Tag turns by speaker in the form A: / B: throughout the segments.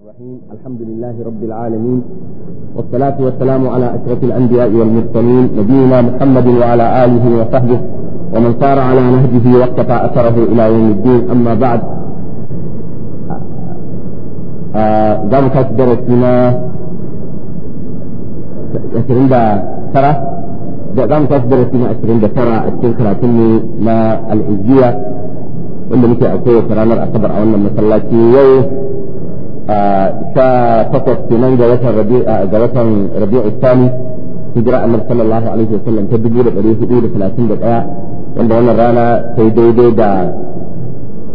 A: الرحيم الحمد لله رب العالمين والصلاة والسلام على أشرف الأنبياء والمرسلين نبينا محمد وعلى آله وصحبه ومن سار على نهجه واقتفى أثره إلى يوم الدين أما بعد ذلك درسنا أشرين ترى ذلك درسنا أشرين ترى أشرين ترى ما العزية wanda muke a kowace ranar asabar a wannan masallaci yau ta takwas kenan ga watan ga watan rabi'u tsani hijira annabi sallallahu alaihi wasallam ta dubu da ɗari hudu da talatin da ɗaya wanda wannan rana ta yi daidai da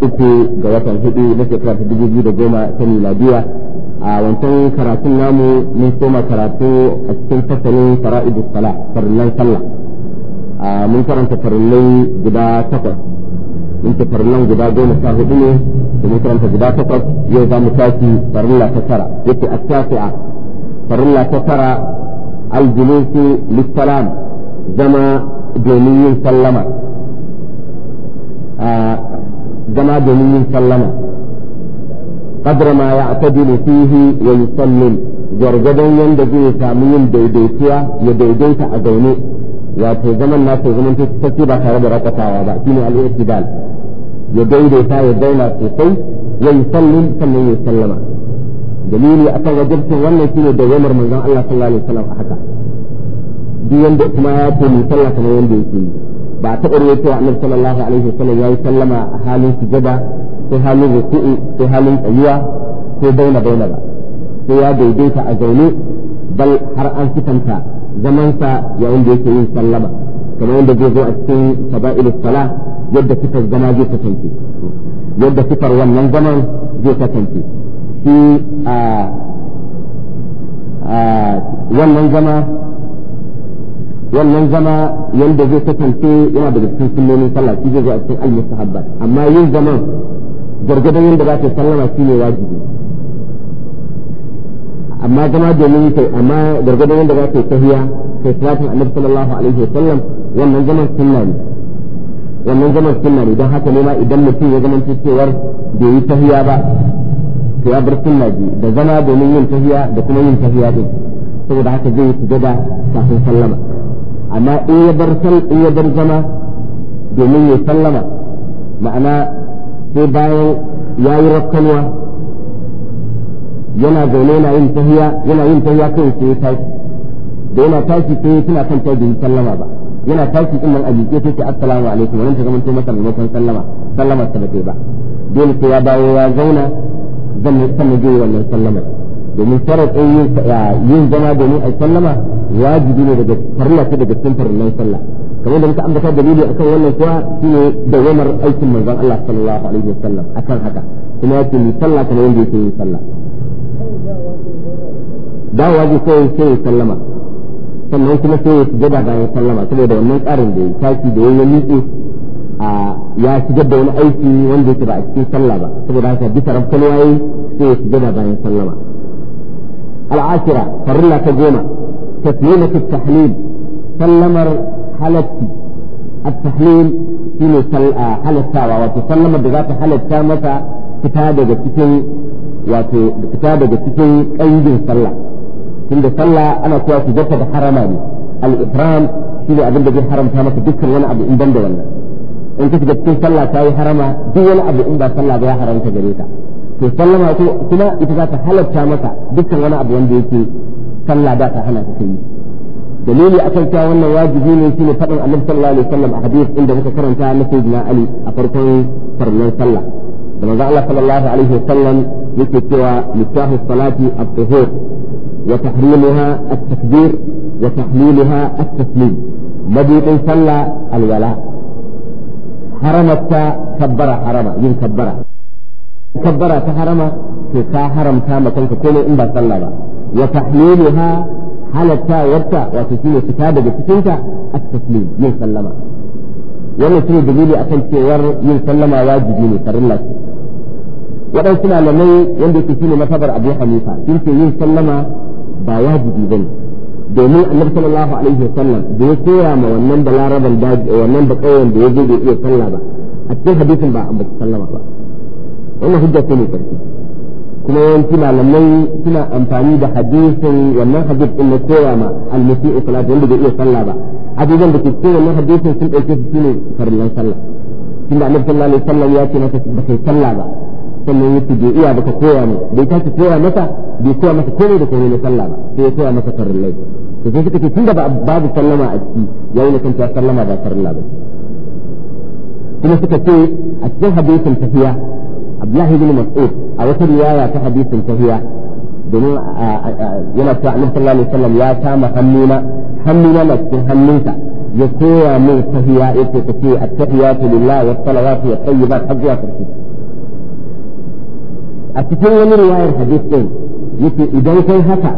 A: uku ga watan hudu na shekara ta dubu biyu da goma ta miladiya a wancan karatun namu mun soma karatu a cikin fasalin fara'idu sala farillan sallah mun karanta farillai guda takwas in ta farlan guda goma sha hudu ne da mun karanta guda takwas yau za mu tashi farilla ta tara yake attasi'a farilla ta tara aljulusu lissalam zama domin yin sallama zama domin yin sallama قدر ما يعتدل فيه ويسلم gwargwadon yadda zai samu yin daidaituwa ya daidaita a zaune wato zaman na ta zaman ta ba tare da rakatawa ba shine al-i'tidal ya daidaita ya zauna sosai ya yi sallin sannan ya sallama dalili akan wajibcin wannan shine dawamar manzon Allah sallallahu alaihi wasallam a haka duk wanda kuma ya ce mu sallah kamar yanda yake yi ba a taɓa wa annabi sallallahu alaihi wasallam ya yi sallama a halin sujada ko halin ruku'u ko halin tsayuwa ko bauna bauna ba sai ya daidaita a zaune bal har an sifanta zamansa yayin da yake yin sallama kamar yadda zai zo a cikin fada'il sala yadda kifar zama zai kasance yadda kifar wannan zaman zai kasance shi a wannan wannan zama zai kasance yana daga cikin sunnonin sallah shi zai zo a cikin al amma yin zaman gargadan yadda za ka sallama ne wajibi amma zama domin kai amma gargadon yadda za ka yi tahiya kai salatin annabi sallallahu alaihi wa sallam wannan zaman sunna ne wannan zaman sunna ne don haka ne ma idan mutum ya zama cewa bai yi tahiya ba to ya bar sunna ji da zama domin yin tahiya da kuma yin tahiya din saboda haka zai yi sujada kafin sallama amma in ya bar sal in ya bar zama domin ya sallama ma'ana sai bayan ya yi rakkanwa yana zaune yana yin tahiya yana yin tahiya kai sai ya tashi da yana tashi sai tana kan ta da sallama ba yana tashi din nan a jike take assalamu alaikum wannan ta zama to masa sallama sallama ta ba dole sai ya dawo ya zauna zan yi wannan sallama domin yin zama domin a sallama wajibi ne daga farilla ta daga cikin farillan sallah kamar da muka ambata dalili akan wannan kuwa shine dawamar aikin manzon Allah sallallahu alaihi wasallam akan haka kuma yake ni sallah kamar yanda yake yin sallah dawowa zai sai sai ya sallama sannan kuma sai ya da bayan sallama saboda wannan tsarin da ya taki da ya miƙe a ya shigar da wani aiki wanda yake ba a cikin sallah ba saboda haka bisa rafkalwa waye sai ya da bayan sallama al'ashira farilla ta goma ta tahlil sallamar halatti a tahlil shine halattawa wato sallamar da za ta halatta masa fita daga cikin wato fita daga cikin ƙangin sallah da sallah ana cewa su jata da harama ne al'ifram shi ne abin da zai haramta maka dukkan wani abu in banda wannan in ka shiga cikin sallah ta yi harama duk wani abu in ba sallah ba ya haramta gare ka to ma ko kuma ita za ta halatta maka dukkan wani abu wanda yake sallah ba ta hana ka yi dalili akan cewa wannan wajibi ne shine faɗin annabi sallallahu alaihi wasallam a hadith inda muka karanta na sayyidina ali a farkon farnan sallah فنضع صلى الله عليه وسلم مثل سوى مفتاح الصلاة الطهور وتحليلها التكبير وتحليلها التسليم مدي صلى الولاء حرمت كبر حرم من كبر كبر تحرم في كا حرم كما تنك كل إن صلى وتحليلها حالة وقت وتسليم كتابة بسكنك التسليم من سلم ومن سنة دليل أكل في ور من سلم واجبين كرلسي waɗansu malamai wanda yake shine masabar abu hanifa sun ce yin sallama ba wajibi ba ne domin annabi sallallahu alaihi da ya koya ma wannan balaraban wannan da kauyen da ya je bai iya sallah ba a cikin hadisin ba an baki sallama ba wannan hujja ce ne karfi kuma yawanci malamai suna amfani da hadisin wannan hadis din na koya ma wanda bai iya sallah ba abubuwan da ke cikin wannan hadisin sun ɗauke su shine farillan sallah tunda annabi sallallahu alaihi ya ce maka ba kai sallah ba sannan ya tuje iya baka koya ne bai tashi koya masa bai koya masa komai da komai na sallah ba sai ya koya masa farin lai to sai suka ce tunda babu sallama a ciki ya yi na kanta sallama ba farin lai ba kuma suka ce a cikin hadisin tafiya Abdullahi bin Mas'ud a wata riwaya ta hadisin tafiya domin yana cewa Annabi sallallahu alaihi wasallam ya kama hannuna hannuna na cikin hannunsa ya koya min tafiya yake tafiya at-tahiyatu lillah was salawatu wat tayyibat har zuwa karshe a cikin wani riwayar hadith din yake idan kai haka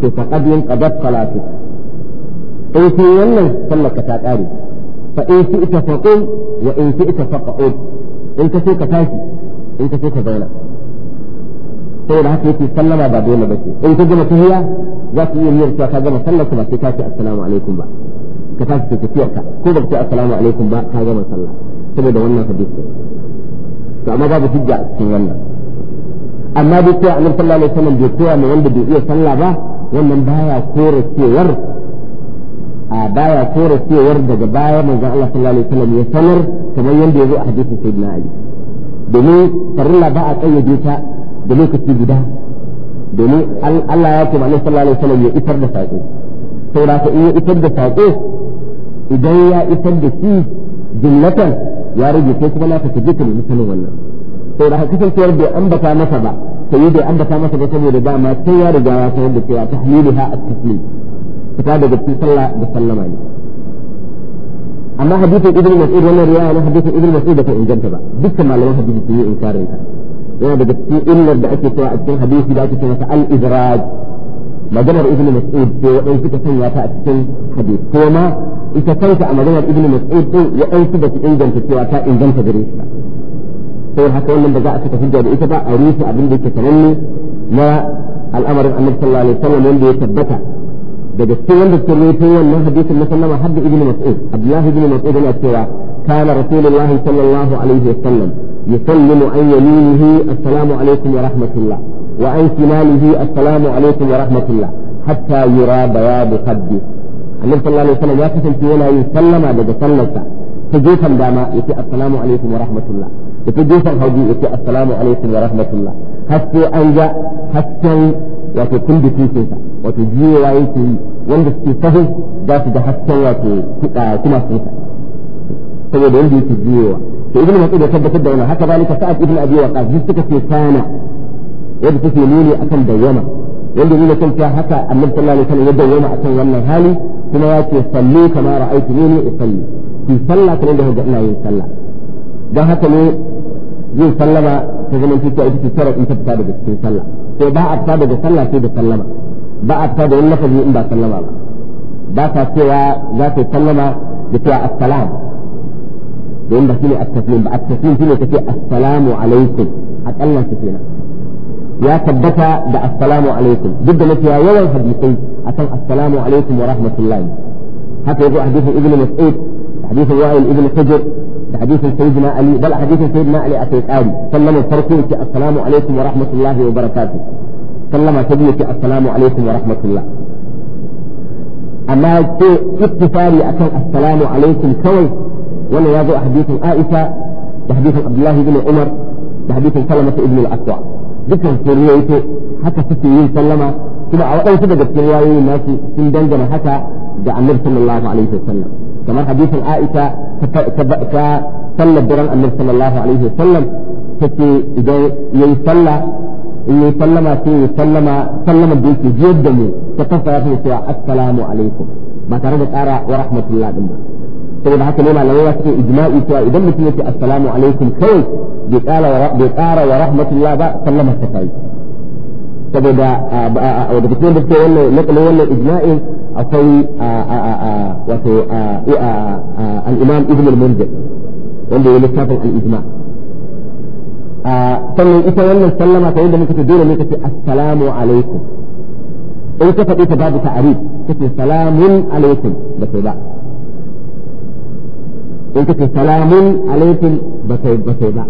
A: to yin yanqadat salatu in sai wannan sallar ka ta kare fa in fi ita qul wa in fi ita faqud in ka so ka tashi in ka so ka zauna saboda haka yake sallama ba dole ce in ka gama tahiyya za ka iya niyyar cewa ka gama sallar ba sai ka ce assalamu alaikum ba ka tashi ka ka ko ba ka ce assalamu alaikum ba ka gama sallah saboda wannan hadith din to amma babu hujja a cikin wannan amma duk cewa annabi sallallahu alaihi wasallam bai koya ma wanda bai iya sallah ba wannan baya kore cewar a baya kore cewar daga baya manzon Allah sallallahu alaihi wasallam ya sanar kamar yanda ya zo a hadisin sayyidina Ali domin farilla ba a kayyade ta da lokaci guda domin Allah ya ce ma annabi sallallahu alaihi wasallam ya ifar da saƙo saboda in ya ifar da sako idan ya ifar da shi jinnatan ya rage kai kuma naka tajikin misalin wannan sai da kasancewar bai ambata masa ba sai bai ambata masa ba saboda ma sai ya riga ya sayar da cewa tahmiliha at-taslim fita daga cikin sallah da sallama ne amma hadisin ibnu mas'ud wannan riwaya na hadisin ibnu mas'ud da ta inganta ba dukkan malaman hadisi sun yi inkarin ta yana daga cikin illar da ake cewa a cikin hadisi da ake cewa al-idraj maganar ibn mas'ud ko waɗansu suka sanya ta a cikin hadis ko ma ita kanta a maganar ibn mas'ud din waɗansu ba su inganta cewa ta inganta gare shi ba sai haka wannan ba za a saka hujja da ita ba a rufe abin da yake sananne na al'amarin annabi sallallahu alaihi wasallam wanda ya tabbata daga cikin wanda suka rufe wannan hadisin na sallama hadda ibn mas'ud abdullahi ibn mas'ud yana cewa كان رسول الله صلى الله عليه وسلم يسلم عن يمينه السلام عليكم ورحمة الله وعن سنانه السلام عليكم ورحمة الله حتى يرى بياض خده النبي صلى الله عليه وسلم يقسم في ولا يسلم على جسلك تجوفا داما يتي السلام عليكم ورحمة الله يتجوفا هودي يتي السلام عليكم ورحمة الله حتى أنجا حتى wato kun da ke kinsa wato jiyewa yake yi wanda suke sahu za su ga hasken wato kuɗa kuma sunsa saboda wanda yake jiyewa to ibn mas'ud ya tabbatar da wannan haka zalika sa'ad ibn abi waqas duk suka ce wadda take nuni akan dawwama wanda nuna kan ta haka annabi sallallahu alaihi wasallam ya dawwama akan wannan hali kuma ya ce sallu kama ra'aytu ni usalli ki sallah kamar da hujja ina yin sallah dan haka ne yin sallama ta zama cewa ita ce sharadin ta fita daga cikin sallah sai ba a fita daga sallah sai da sallama ba a fita da wani lafazi in ba sallama ba ba ta cewa za ta sallama da cewa assalam don ba shine a taslim ba at ne ta kace assalamu alaikum a kallon su kenan يا ثبتا ده السلام عليكم جدا لك يا يوم حديثي السلام عليكم ورحمة الله حتى يقول حديث ابن مسعود حديث الوائل ابن حجر حديث سيدنا علي بل حديث سيدنا علي أتيت آدم سلم الفرقين السلام عليكم ورحمة الله وبركاته سلم سبيك السلام عليكم ورحمة الله أما في اتفالي أتن السلام عليكم سوي ولا يضع حديث آئسة حديث عبد الله بن عمر حديث سلمة ابن الأسوأ dukkan sun riyaito haka suke yin sallama kuma a waɗansu daga cikin riwayoyin nasu sun dangana haka da annabi sallallahu alaihi wasallam kamar hadisin Aisha ta sallar daren annabi sallallahu alaihi wasallam take idan yayi sallah in yi sallama sai ya sallama sallama da yake jiyar da mu ta kasa ya fi cewa assalamu alaikum ba tare da tsara wa rahmatullah din ba saboda haka ne malamai ya suke ijma'i cewa idan mutum yake assalamu alaikum kawai بقارة ورحمة الله صلى الله عليه وسلم تبدا آه، آه، آه، ودكتور دكتور نقل ولا اجمائي اصوي وفي الامام ابن المنذر عنده يقول لك كافر الاجماع صلى الله عليه وسلم فعند منك تدور منك السلام عليكم انت فقيت باب تعريف كتب سلام عليكم بس انت سلام عليكم بس بس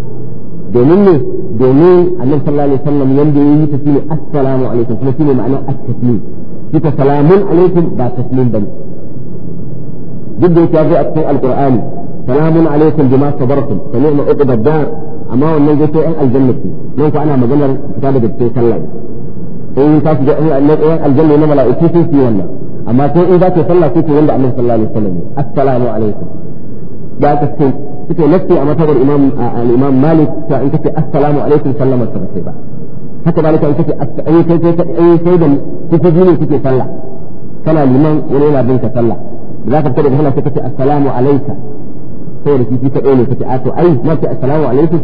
A: domin ne domin annabi sallallahu alaihi wasallam yanda yayi ta shine assalamu alaikum kuma shine ma'ana at-taslim kita salamun alaikum ba taslim bane duk da yake ya zo a cikin alqur'ani salamun alaikum bima sabartum fa ni'ma uqba dar amma wannan gaito ɗan aljanna ce nan ko ana maganar fita daga cikin sallah in ka shiga ɗan aljanna na mala'iku sun fi wannan amma sai in za ka sallah sai ke wanda annabi sallallahu alaihi wasallam assalamu alaikum da ka ce suke nafsi a matsabar imam malik ta in kace assalamu alaikum sallama ta ba haka malika in kace ai kai kai ai sai da kufuji ne suke sallah kana liman wani yana bin sallah za ka fita da sallah sai kace assalamu alaika sai da kici kadai ne kace a to ai na ce assalamu alaikum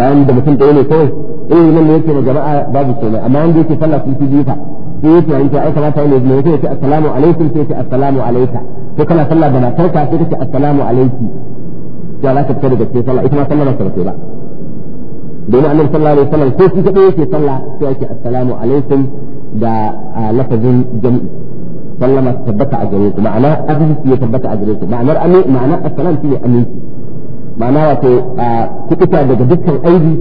A: bayan da mutum ɗaya ne kawai eh nan ne yake ma jama'a babu komai amma wanda yake sallah sun fi jifa sai yake yanke ai kamata ne ne yake assalamu alaikum sai yake assalamu alaika to kana sallah da matarka sai kace assalamu alaiki cewa za ka fita daga cikin sallah ita ma sallah ba ta ba domin annabi sallallahu alaihi wasallam ko shi kadai yake sallah sai yake assalamu alaikum da lafazin jami'i sallama tabbata a gare ku ma'ana arziki ya tabbata a gare ku ma'anar amin ma'anar assalam shine aminci ma'ana wato kuɓuta daga dukkan aibi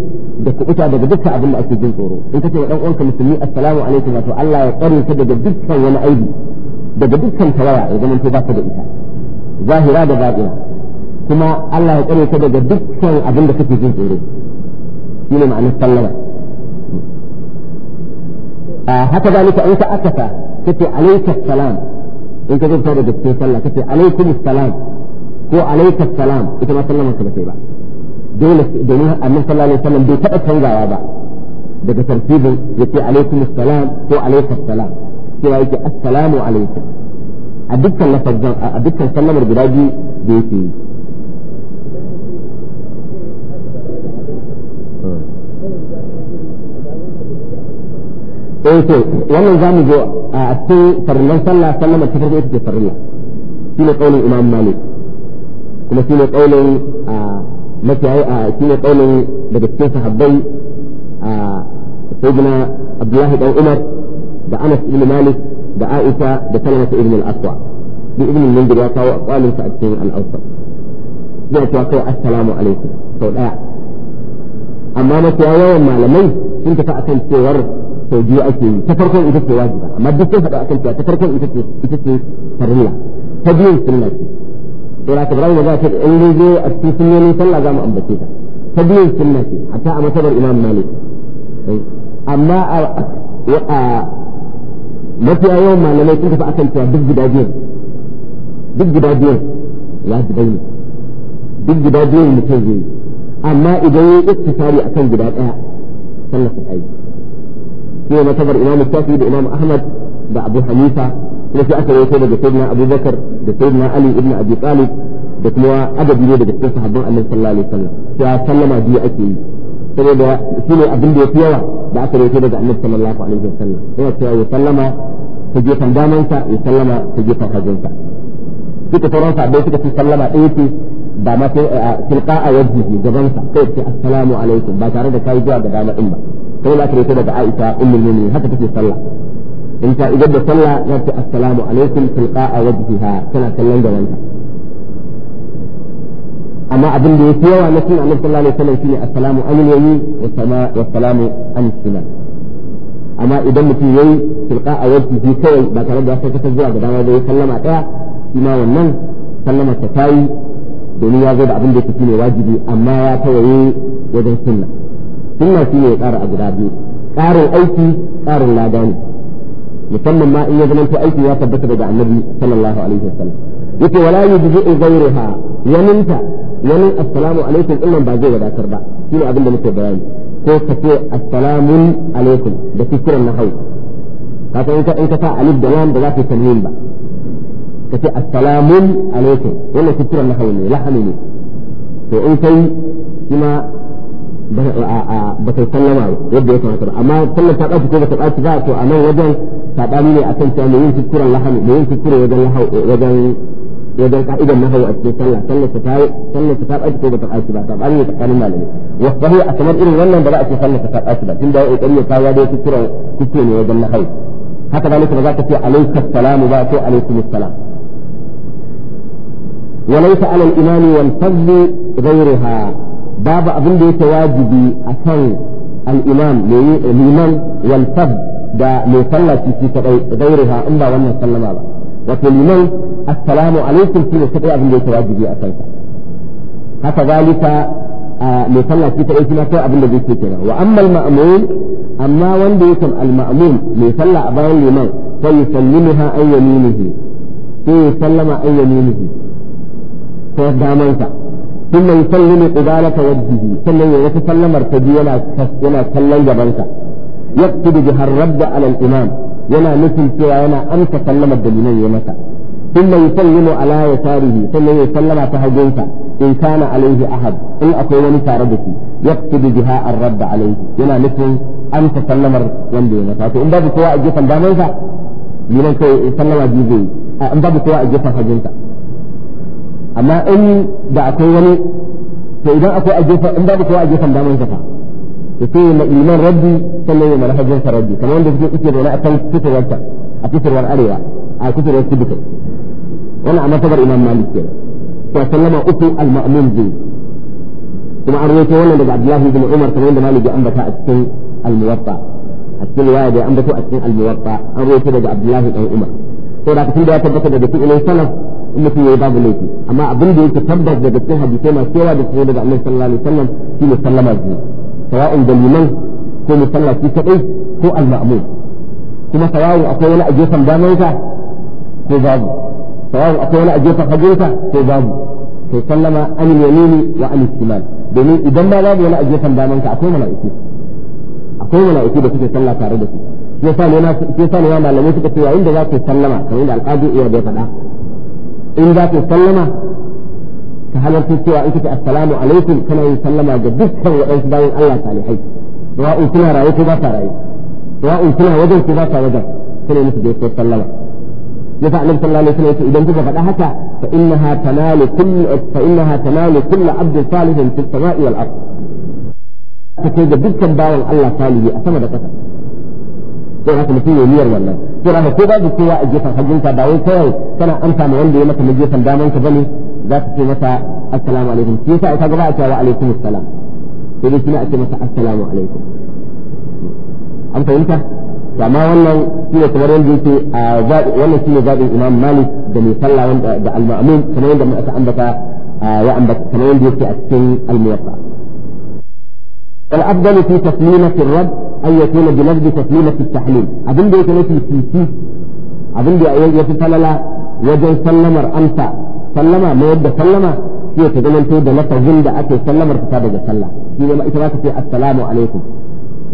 A: da kuɓuta daga dukkan abin da ake jin tsoro in kace wa dan uwanka musulmi assalamu alaikum wato Allah ya tsare ka daga dukkan wani aibi daga dukkan tawaya ya zama to ba ka da ita zahira da batina kuma Allah ya tsare ka daga dukkan abin da kake jin tsoro shi ne ma'anar sallama haka zalika in ka akasa kace alayka salam in ka zanta daga cikin sallah kace alaykum salam ko alayka salam ita ma sallama ka ba dole domin annabi sallallahu alaihi wasallam bai taɓa canzawa ba daga tartibin yace alaykum salam ko alayka salam cewa yake assalamu alaikum a dukkan lafazan a dukkan sallamar guda biyu da yake yi eh to wannan zamu zo a cikin farillan sallah sallama ta farko ita ce farilla ne kaulin imam malik kuma shi ne kaulin a mafiyayi a ne kaulin daga cikin sahabbai a sayyidina abdullahi dan umar da anas ibn malik da aisha da ta ibn al-aswa da ibn al-mundir ya kawo aqwalin sa a cikin al-awsat zai ta kai assalamu alaikum sau daya amma mafiya yawan malamai sun tafi akan cewar sau biyu ake yi ta farkon ita ce wajiba amma duk sai faɗa akan ta farkon ita ce ita ce farilla ta biyun sunna ce to la tabarau da ta in dai zo a cikin sunnoni sallah za mu ambace ta ta biyun sunna ce hatta a masabar imam malik eh, amma a mafiya yawan malamai sun tafi akan cewa duk guda biyun duk guda ya wajibai ne duk guda biyun mutum zai yi amma idan ya yi iktisari akan guda ɗaya sallah ta aiki shi ne matabar imam shafi da imam ahmad da abu hanifa kuma sai aka rawaito daga sayyidina abubakar da sayyidina ibn da kuma adadi ne daga cikin sahabban annabi sallallahu alaihi wasallam ya sallama biyu ake yi saboda shi ne abin da ya fi yawa da aka rawaito daga annabi sallallahu alaihi wasallam yana cewa ya sallama ta gefen damansa ya sallama ta gefen hagunsa suka sauran sahabbai suka fi sallama ɗaya ce ba ma sai tilqa a wajhihi gabansa sai ce assalamu alaikum ba tare da kai zuwa ga dama din ba sai la kare daga Aisha ummul mu'minin haka take sallah in ta idan da sallah za ta assalamu alaikum tilqa'a wajhiha tana sallan gabanta amma abin da yafi yawa na sunan Annabi sallallahu alaihi wasallam shine assalamu alal yamin wa sama wa salamu an shimal amma idan mutum yayi a wajhihi kawai ba tare da sai ka zuwa ga dama da ya sallama daya shi ma wannan sallama ta tayi domin ya zo da abin da yake ne wajibi amma ya tawaye wajen sunna sunna shi ne ya ƙara a guda biyu ƙarin aiki ƙarin lada ne musamman ma in ya zama to aiki ya tabbata daga annabi sallallahu alaihi wasallam yake wala yujibu ghayruha yaninta yanin assalamu alaikum din ba zai wadatar ba ne abin da muke bayani ko ka ce assalamu alaikum da fikiran nahau ka san in ka in ka sa alif da lam ba za ka tanwin ba ka ce assalamu alaikum wannan fikiran nahau ne lahani ne to in kai kuma ba kai sallama yadda ya kamata ba amma sallar ta ɓaci ko ba ta ɓaci ba to a nan wajen saɓani ne akan cewa mai yin kuskuren lahani mai yin kuskure wajen lahau wajen wajen ka'idan nahwu a cikin sallah sallar ta tayi sallar ta ɓaci ko ba ta ɓaci ba saɓani ne tsakanin malamai wasu a kamar irin wannan ba za a ce sallar ta ɓaci ba tunda ya ƙoƙari ya kawo dai kuskuren kuskure ne wajen lahau haka zalika ba za ka ce alaikas salamu ba ko alaikumus salam وليس على الإمام والفضل غيرها باب أبن ديت واجبي أكن الإمام لي الإمام والفض دا مصلى في غيرها إلا وأن صلى ماذا وفي السلام عليكم في سبع أبن ديت واجبي أكن فكذلك آه، مصلى في سبع أبن أبن ديت واجبي وأما المأمون أما وأن ديت المأمون مصلى أبن الإمام فيسلمها أي يمينه فيسلم أي يمينه فيسلمها أي يمينه kullum sallu ne kudala ta wajen biyu sannan ya wata sallamar ta biyu yana kallon gabansa ya kudu bi harrabba alal imam yana nufin cewa yana amsa sallamar da nuna ya mata kullum sallu ne ala ya tarihi sannan ya sallama ta in kana alaihi ahad in akwai wani tare da su ya kudu bi ha yana nufin amsa sallamar wanda ya mata to in babu kowa a gefen a gefen hagunsa. amma in da akwai wani to idan akwai a in babu kowa a gefen daman sa fa to sai ma iman rabbi sannan ya mana hajjin rabbi kamar wanda suke suke zaune a kan kusurwar ta a kusurwar arewa a kusurwar kudu kai wannan a martabar imam malik ke to sallama uku al-ma'mum zai kuma an rawaito wannan daga abdullahi bin umar kamar yadda malik ya ambata a cikin al-muwatta a cikin riwaya da ya ambato a cikin al-muwatta an rawaito daga abdullahi dan umar to da kafin da ya tabbata daga fi'ilin salaf in mutum yayi babu laifi amma abin da yake tabbas daga cikin hadisai masu yawa da suke daga Annabi sallallahu alaihi wasallam shine sallama biyu sawa'un da liman ko musallaci kadai ko al-ma'mum kuma sawa'un akwai wani a gefen damanka ko babu sawa'un akwai wani a gefen hagunka ko babu sai sallama an yamini wa an shimal domin idan ma babu wani a gefen damanka akwai mala'iku akwai mala'iku da suke sallah tare da su sai sa ne malamai suka ce yayin da za ka sallama kamar da alƙadi iya bai faɗa إن ذات السلمة كهل ارتدت وعيكت السلام عليكم كما يسلم جدسك وعيش باين الله صالحي وعيكنا رأيك باتا رأي وعيكنا وجدك باتا وجد كما يسلم جدسك السلمة يفع نبي الله عليه وسلم إذا انتبه قد أحكى فإنها تنال كل فإنها تنال كل عبد صالح في السماء والأرض تكيد جدسك باين الله صالحي أسمى ذكرت don haka mutum ya niyyar wannan to haka ko babu kowa a gefen hajjinka ba wai kawai kana amsa ma wanda ya maka na gefen daman ka bane za ka ce masa assalamu alaikum shi yasa gaba a cewa alaikum assalam sai dai kina a ce masa assalamu alaikum an fahimta amma wannan shi ne kamar yadda yake a wannan shi ne zaɓin imam malik da mai sallah da al-ma'mun kamar yadda muka ambata ya ambata kamar yadda yake a cikin al-muwatta الأفضل في تسليمة الرد أن يكون بلفظ تسليمة التحليل أبن دي كنت يسيسي أبن دي يتسلل وجن سلمر أمسى سلمة ما يبدأ سلمة هي تقول تيدا لفظين دا أكي سلمر تتابع سلم هي ما إتراك السلام عليكم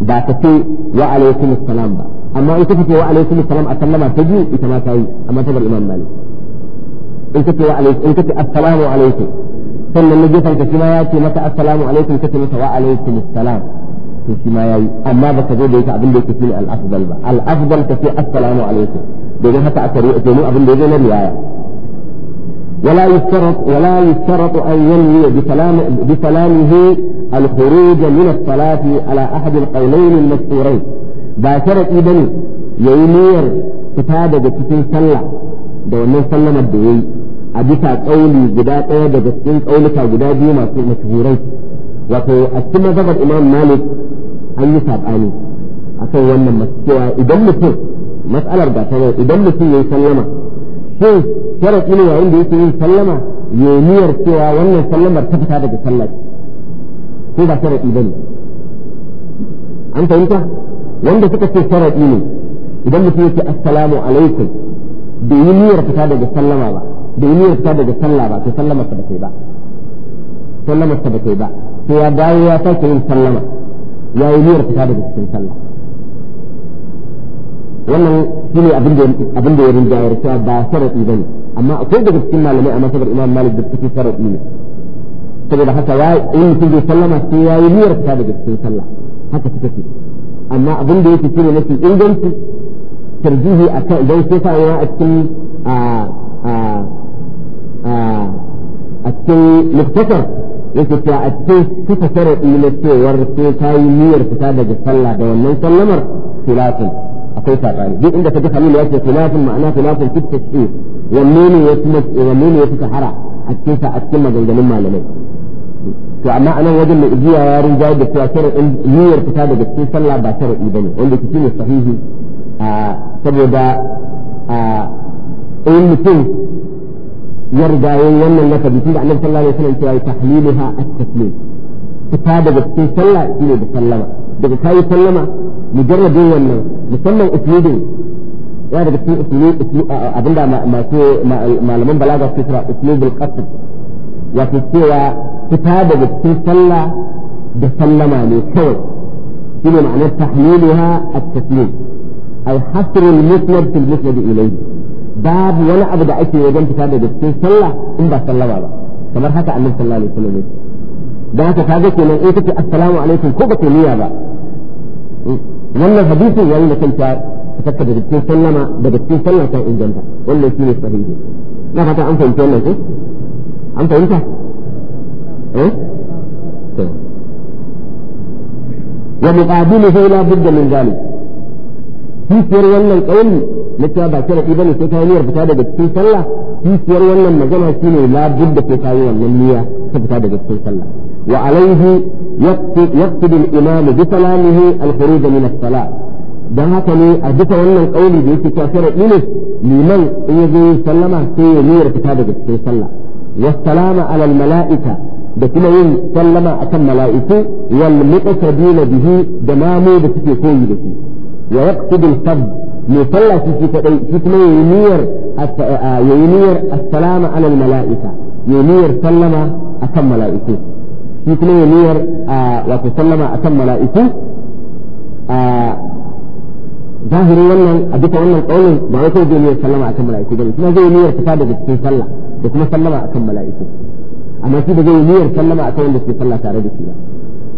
A: دا تسي وعليكم السلام أما إن في وعليكم السلام أسلمة تجي إتما تاي أما تبر الإمام مالك إن في وعليكم السلام عليكم sannan na gefen ka kima ya ce maka assalamu alaikum kace masa wa alaikum assalam to shi ma yayi amma baka zo da yake abin da yake shine al-afdal ba al-afdal kace assalamu alaikum domin haka aka ruwa domin abin da yake na riwaya ولا يشترط ولا يشترط أن ينوي بكلام بكلامه الخروج من الصلاة على أحد القولين المذكورين باشرة ابن يومير كتابة كتن صلى دومين صلى مبدئي a bisa kauli guda ɗaya daga cikin kauluka guda biyu masu mashhurai wato a cikin mazhabar imam malik an yi saɓani akan wannan cewa idan mutum mas'alar ga tare idan mutum yayi sallama shin sharaɗi ne yayin da yake yin sallama ya niyyar cewa wannan sallamar ta fita daga sallah ko ba sharaɗi ne an fahimta wanda suka ce sharaɗi ne idan mutum yake assalamu alaikum bai yi niyyar fita daga sallama ba بإمير سابق صلى بقى تسلم السبكي بقى سلم السبكي بقى في أداوة تكين سلم يا إمير سابق تكين سلم ولو سيني أبن دي أبن دي أبن دي سرط إذن أما أقول دي تكين مالي أما سبق إمام مالك دي سرط إذن تقول حتى يا إمير سابق تكين سلم يا إمير سابق تكين سلم حتى تكين أما أبن دي تكين نفسي إنجنسي ترجيه أتاء دي سيطة يا a cikin muktasar yake cewa a cikin kafa sharaɗi na cewar sai ta yi niyyar fita daga sallah da wannan sallamar filafin akwai saɓani duk inda ka ji halilu ya ce filafin ma'ana filafin fit tasbih wanne ne ya fi wanne ne ya fi sahara a cikin sa a cikin maganganun malamai to amma anan wajen mai igiya ya rinja da cewa sharaɗin niyyar fita daga cikin sallah ba sharaɗi bane wanda ke shine sahihi saboda in mutum يرجع يوم النفذ تيجي عن صلى الله عليه وسلم في تحليلها التسليم كتابة بسي صلى سيني بسلمة بسي سلمة مجرد يوم مسمى اسلوبين يعني بسي اسلوب أسلوب أبدا ما ما في ما ما لمن بلاغة فكرة اسلوب القصد وتسوى كتابة بسي صلى بسلمة لكوي شنو معنى تحليلها التسليم أي حصر المسند في المسند إليه babu wani abu da ake wajen fita daga cikin sallah in ba sallama ba kamar haka annabi sallallahu alaihi wasallam da haka kaga kenan in kace assalamu alaikum ko baka niyya ba wannan hadisin yayi na kanta fitarka daga cikin sallama daga cikin sallah ta inganta wannan shine sahihi na fata an fahimta wannan ko an fahimta eh to wa muqabiluhu la budda min zalik kishiyar wannan kauli na cewa ba sharadi bane sai ta niyyar fita daga cikin sallah kishiyar wannan magana shine la da sai ta yi wannan niyya ta fita daga cikin sallah wa alaihi yaqtid al-imam bi salamihi al-khuruj min as-salah dan haka ne a duka wannan kauli da yake cewa sharadi ne liman in ya zo sallama sai ya niyyar fita daga cikin sallah wa salama ala al-mala'ika da kuma yin sallama akan mala'iku wal muqtadina bihi da mamu da suke koyi da su. ويقصد الفض مثلا في كتنه ينير آه، ينير السلام على الملائكة ينير سلم أتم ملائكة في كتنه ينير آه، وتسلم أتم ملائكة آه، ظاهر ولا أديك ولا قول ما يقول ينير سلم أتم ملائكة بل ما زي ينير كتابة تسلم بس ما سلم أتم ملائكة أما في بجي ينير سلم أتم بس تسلم تعرف فيها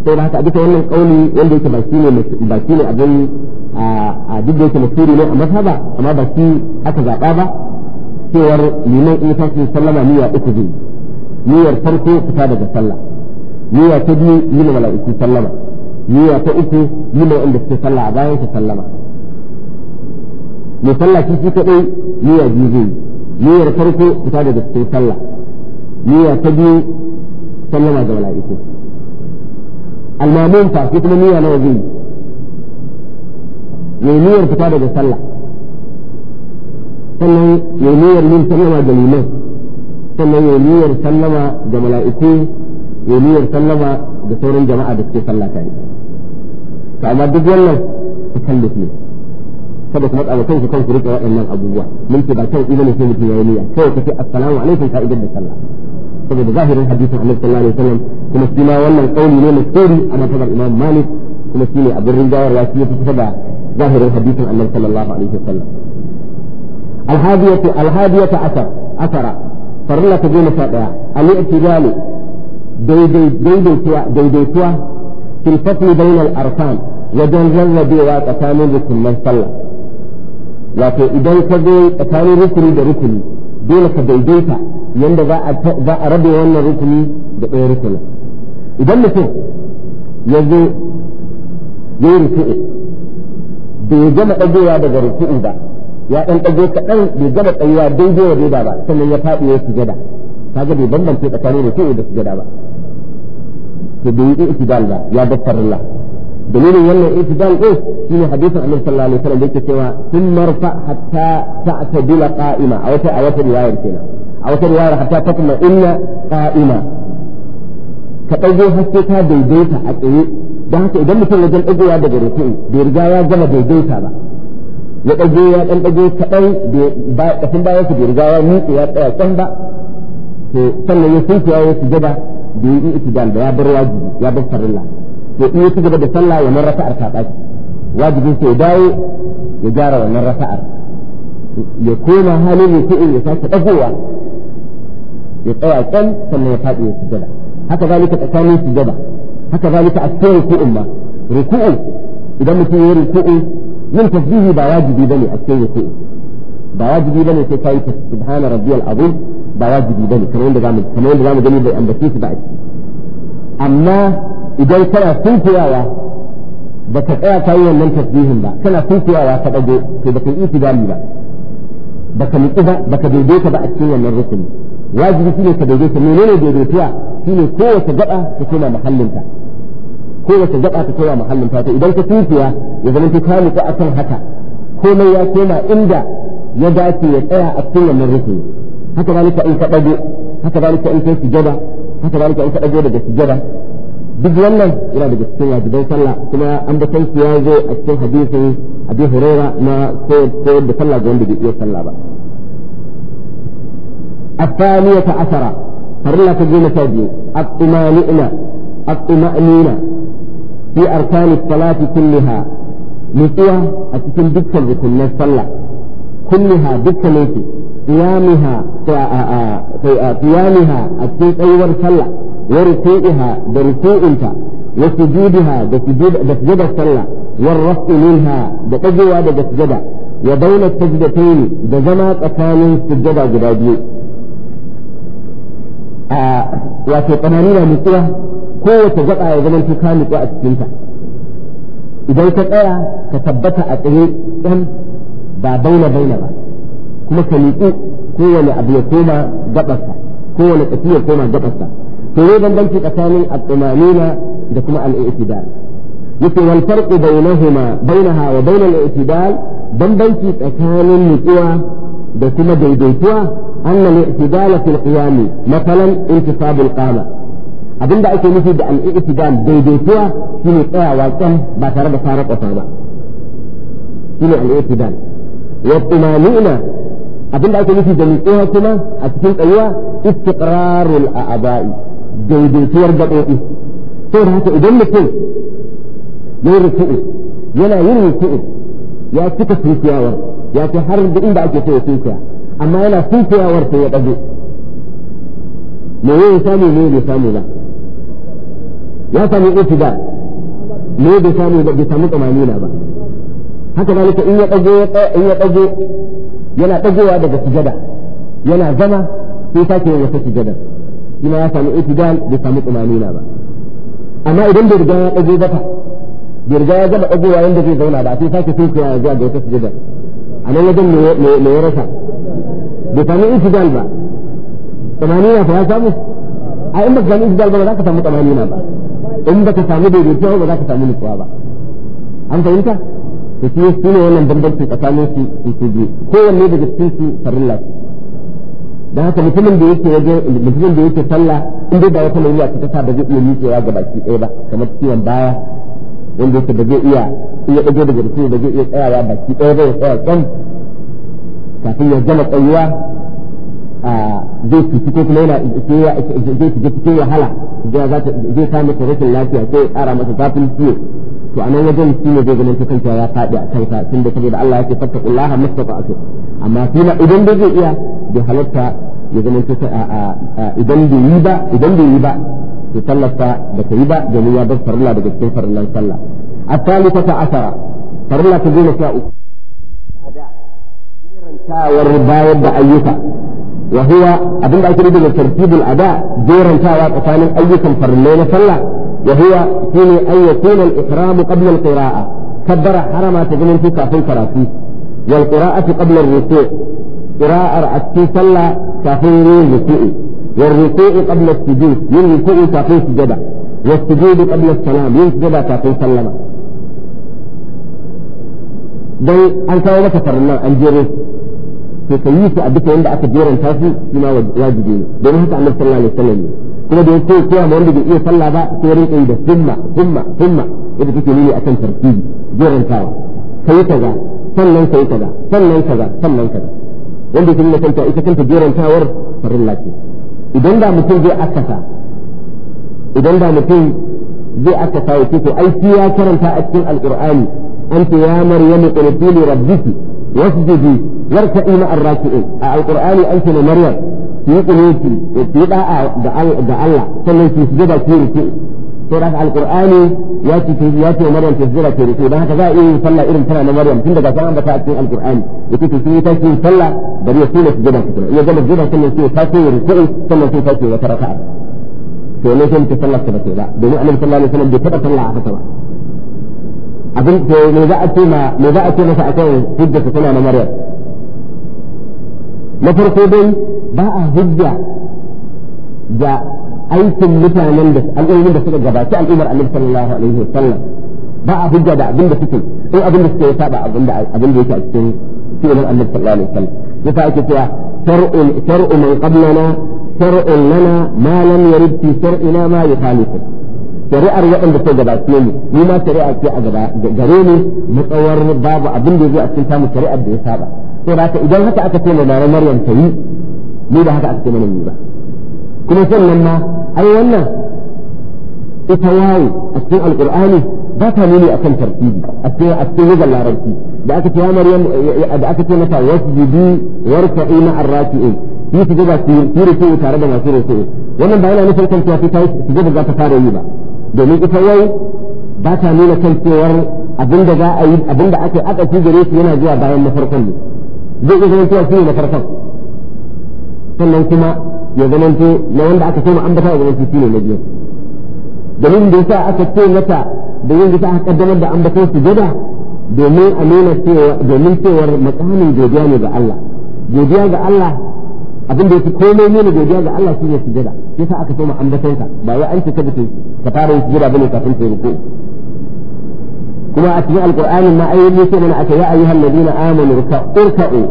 A: طيب هذا أديك ولا قولي ولا يتبسيني بسيني أجي a duk da yake masiri ne a masa ba amma ba shi aka zaɓa ba cewar liman in ta ce sallama niyya uku zai niyyar farko fita daga sallah niyya ta biyu yi ma mala'iku sallama niyya ta uku yi ma wanda suke sallah a bayan sa sallama mai sallah shi shi kaɗai niyya biyu zai niyyar farko fita daga cikin sallah niyya ta biyu sallama ga mala'iku almamun fa ko kuma niyya nawa zai mai niyyar fita daga sallah sannan mai niyyar yin sallama ga liman sannan mai niyyar sallama ga mala'iku mai niyyar sallama ga sauran jama'a da suke sallah tare to amma duk wannan takalluf ne kada ku matsa kan ku rika waɗannan abubuwa mun ce ba kan ibn sai mutum yayi niyya kai ka ce assalamu alaikum ka idan da sallah saboda zahirin hadisin annabi sallallahu alaihi wasallam kuma shi ma wannan kauli ne mashhuri a matabar imam malik kuma shi ne abin rinjawar ya fi kusa da ظاهر الحديث عن صلى الله عليه وسلم الهادية الهادية أثر أثر فرلا تقول فاتحة الاعتدال ديدي ديديتوا ديديتوا في الفصل بين الأركان وجن جن بيوا تكامل ركن من صلى لكن إذا كذي تكامل ركن بركن dole ka daidaita yadda za a rabe wannan rukuni da ɗaya rukunin idan mutum ya zo ya yi rukunin bai gama ɗagowa daga rufi'i ba ya ɗan ɗago kaɗan bai gama tsayuwa daidai wa daida ba sannan ya faɗi ya ta kaga bai bambance tsakanin ruku'u da gada ba to bai yi itidal ba ya dakkar Allah dalilin wannan itidal shi ne hadisin Annabi sallallahu alaihi wasallam da yake cewa sun marfa hatta ta'tadila qa'ima a wata a wata riwayar kenan a wata riwayar hatta kuma inna qa'ima ka ɗago haske ta daidaita a tsaye don haka idan mutum wajen ɗagowa daga da ya riga ya gama daidaita ba ya ɗago ya ɗan ɗago kaɗai ƙasin bayan su ya riga ya miƙe ya tsaya can ba to sannan ya kuwa ya su gaba da yi itidal da ya bar wajibi ya bar farilla to in ya ci gaba da sallah nan rafa'ar ta ɓaci wajibin sai ya dawo ya gyara wannan rafa'ar ya koma halin ruku'u ya sake ɗagowa ya tsaya can sannan ya faɗi ya gaba haka zalika tsakanin gaba. haka zalika as-sayyi ku umma ruku'u idan mutum yayi ruku'u yin tasbihi ba wajibi bane as-sayyi ku ba wajibi bane sai kai subhana rabbiyal azim ba wajibi bane kamar yadda zamu kamar yadda zamu gani da ambace shi ba a ciki amma idan kana sunkuyawa ba ka tsaya ka yi wannan tasbihin ba kana sunkuyawa ka dago to ba ka yi itidali ba ba ka nutsu ba ba ka daidaita ba a cikin wannan rukuni wajibi shine ka daidaita menene daidaituwa shine kowace gaba ta koma muhallinta. kowace gaba ta kaiwa muhallin fata idan ka tufiya ya zama ta nutsu akan haka komai ya koma inda ya dace ya tsaya a cikin wannan rukuni haka zalika in ka dago haka zalika in kai sujada haka zalika in ka dago daga sujada duk wannan yana daga cikin wajiban sallah kuma an ba san ya zo a cikin hadisin abi huraira na koyar da sallah ga wanda bai iya sallah ba الثانية عشرة فرلا تجينا تجي الطمأنينة الطمأنينة fi arkani salati kulliha nutsuwa a cikin dukkan rukunin sallah kulliha dukkanin su qiyamiha a cikin tsayuwar sallah wa ruku'iha da ruku'inta wa sujudiha da sujudar sallah wa rafu minha da dajewa daga sujada wa bayna sajdatayn da zama tsakanin sujada guda biyu a wato tsanani da nutsuwa kowace gaba ya zama ka nutsu a cikinta idan ka tsaya ka tabbata a tsaye ɗan ba baina baina ba kuma ka nutsu kowane abu ya koma gabarsa kowane tafi ya koma gabarsa to ne bambanci tsakanin al-tumanina da kuma al-i'tidal yake wal farqu bainahuma bainaha wa bain al-i'tidal bambanci tsakanin nutsuwa da kuma daidaituwa annal i'tidal fil qiyam masalan intisabul qama abinda ake nufi da al-i'tidal daidaituwa shine tsayawa kan ba tare da fara kwata ba shine al-i'tidal wa tumanina abinda ake nufi da nutsuwa kuma a cikin tsayuwa istiqrarul a'da'i daidaituwar gaɓoɓi to da haka idan mutum ya yi ruku'u yana yin ruku'u ya cika sunkiyawar ya ce har da inda ake so ya sunkiya amma yana sunkiyawar sai ya ɗago me ya samu ne bai samu ba ya sami itida ne bai samu bai samu tsamanina ba haka zalika in ya dago in ya dago yana dagowa daga sujada yana zama sai sake yin wata sujada kuma ya sami itidal bai samu tsamanina ba amma idan bai riga ya dago ba bai riga ya gama dagowa yanda zai zauna ba sai sake sai ya ga wata sujada a nan wajen me ya rasa bai sami itidal ba tsamanina ba ya samu a in ba ka sami itidal ba za ka samu tsamanina ba in ba ka samu daidaituwa ba za ka samu nutsuwa ba an fahimta to shi su ne wannan bambanci tsakanin su su biyu kowanne daga cikin su lafi da haka mutumin da yake wajen mutumin da yake sallah in dai ba wata lalura ta kasa ba zai iya miƙewa ga baki ɗaya ba kamar ciwon baya wanda yake ba zai iya iya ɗage daga rufe ba zai iya tsayawa baki ɗaya ba ya tsaya kan kafin ya gama tsayuwa zai fiti ko kuma yana zai shiga cikin wahala zai sa masa rashin lafiya sai ya ƙara masa zafin ciwo to a nan wajen shi ne zai ganin ta kanta ya faɗi a kanka saboda Allah ya ce fattaqullaha mastata'tu amma shi ma idan da zai iya bai halatta ya ganin ta idan bai yi ba idan bai yi ba to da ta ba domin ya bar farilla daga cikin farillan sallah الثالثة عشرة فرلا تقول شاء أداء غير شاور بايد وهو أبن أكيد ترتيب الأداء دورا تاوى قطان أيكم فرلين صلى وهو أن يكون الإحرام قبل القراءة كبر حرم تجمل في كافل كراتي والقراءة قبل الرسوء قراءة رأتي صلى كافل رسوء والرسوء قبل السجود رسوء كافل سجدة والسجود قبل السلام سجدة كافل سلمة دل أنت وما تفرنا الله أنجريه to ka yi su a duka wanda aka jeran su shi ma wajibi ne don haka annabi sallallahu alaihi wasallam ne kuma da yake koya ma wanda bai iya sallah ba sai rinka yi da himma himma himma yadda take nuni akan tartibi jerantawa kai kaza sannan kai kaza sannan kaza sannan kaza wanda yake nuna kanta ita kanta tawar farin ce idan da mutum zai akasa idan da mutum zai akasa ya ce to ai ya karanta a cikin alqur'ani anta ya maryamu qulti li rabbiki wasjudi yarka'i ma arraki'in a alqur'ani an ce na maryam ki yi kunuti ki yi da'a da Allah sannan ki su gaba ki rufe to da alqur'ani ya ya ce maryam ki zira ki rufe dan haka za a yi sallah irin tana na maryam tun daga san an baka cikin alqur'ani yake ki yi ta ki sallah bari ya tsira ki gaba ki tsira ya gaba gaba sannan ta ki rufe ta ki wata raka'a to ne sai ki sallah ki ba domin annabi sallallahu alaihi wasallam bai taba sallah a haka abin da me za a ce ma me za a ce masa akan hujja ta tana na Maryam na farko dai ba a hujja da aikin mutanen da al'ummar da suka gabaci al'ummar Annabi sallallahu alaihi wasallam ba a hujja da abin da suke in abin da suke ya saba abin da abin da yake a cikin fi'ilin Annabi sallallahu alaihi wasallam yasa ake cewa shar'un shar'u man qablana shar'un lana ma lam yurid fi shar'ina ma yukhalifu shari'ar waɗanda ke gaba gabace ne ni ma shari'a ce a gaba gare ni matsawar babu abin da ya zo a cikin samun shari'ar da ya saba to da idan haka aka ce mai Maryam ta yi ni ba haka aka ce mana ni ba kuma sannan ma ai wannan ita yawo a cikin alqur'ani ba ta nuni a kan tartibi a cikin a cikin wajen larabci da aka ce ya Maryam da aka ce mata wasjudi warka'i ma'ar raki'in yi su gaba su yi tare da masu rufe wannan ba yana nufin kan cewa ta yi su gaba za ta fara yi ba domin ita wai ba ta nuna kan cewar abin da za a yi abin da aka aka ci gare shi yana zuwa bayan na farkon ne zai iya zama cewa shine na farkon sannan kuma ya zamanto na wanda aka so mu ambata ya zamanto shine na biyu Domin da yasa aka ce mata da yin da aka kaddamar da ambaton gaba domin a nuna cewa domin cewar makamin godiya ne ga Allah godiya ga Allah abin da yake komai nuna godiya ga Allah shine sujada sai sa aka soma ba wai an cika da ka fara yin sujada bane kafin ka yi ruku kuma a cikin alqur'anin ma ayoyi ne mana aka ya ayyuhan ladina amanu ruka'u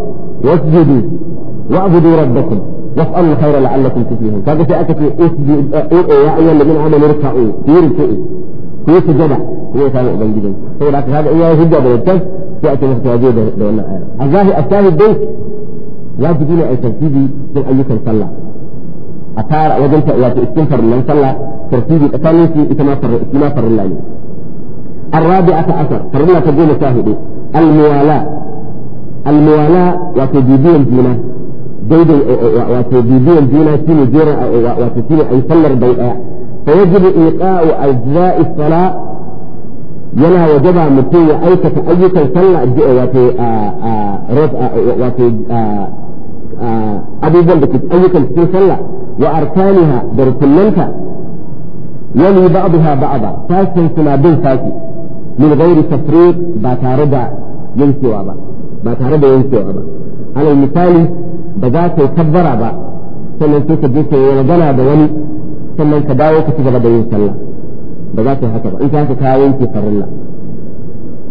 A: wasjudu wa'budu rabbakum واسألوا الخير لعلكم تفلحون كذا في أكثر واجب إلى التنفيذي من أيك الصلاة أطار وجلت واتستنفر من صلى ترتيب الثاني في اتنافر اتنافر الليل الرابعة عشر فرنا تقول شاهد الموالاة الموالاة وتجيبين دينا جيد وتجيبين دينا سين جرا وتسين أي صلر بيع فيجب إيقاء أجزاء الصلاة يلا وجب مطيع أي تأيك الصلاة وت آه، آه، وت آه، abubuwan da ke ayyukan cikin sallah wa arkaniha da rukunanta yali ba'daha ba'da sashin suna bin sashi min ghairi tafriq ba tare da yankewa ba ba tare da yankewa ba alal misali ba za ka tabbara ba sannan sai ka je ka yi magana da wani sannan ka dawo ka ci gaba da yin sallah ba za ka haka ba in ka haka ka yanke farilla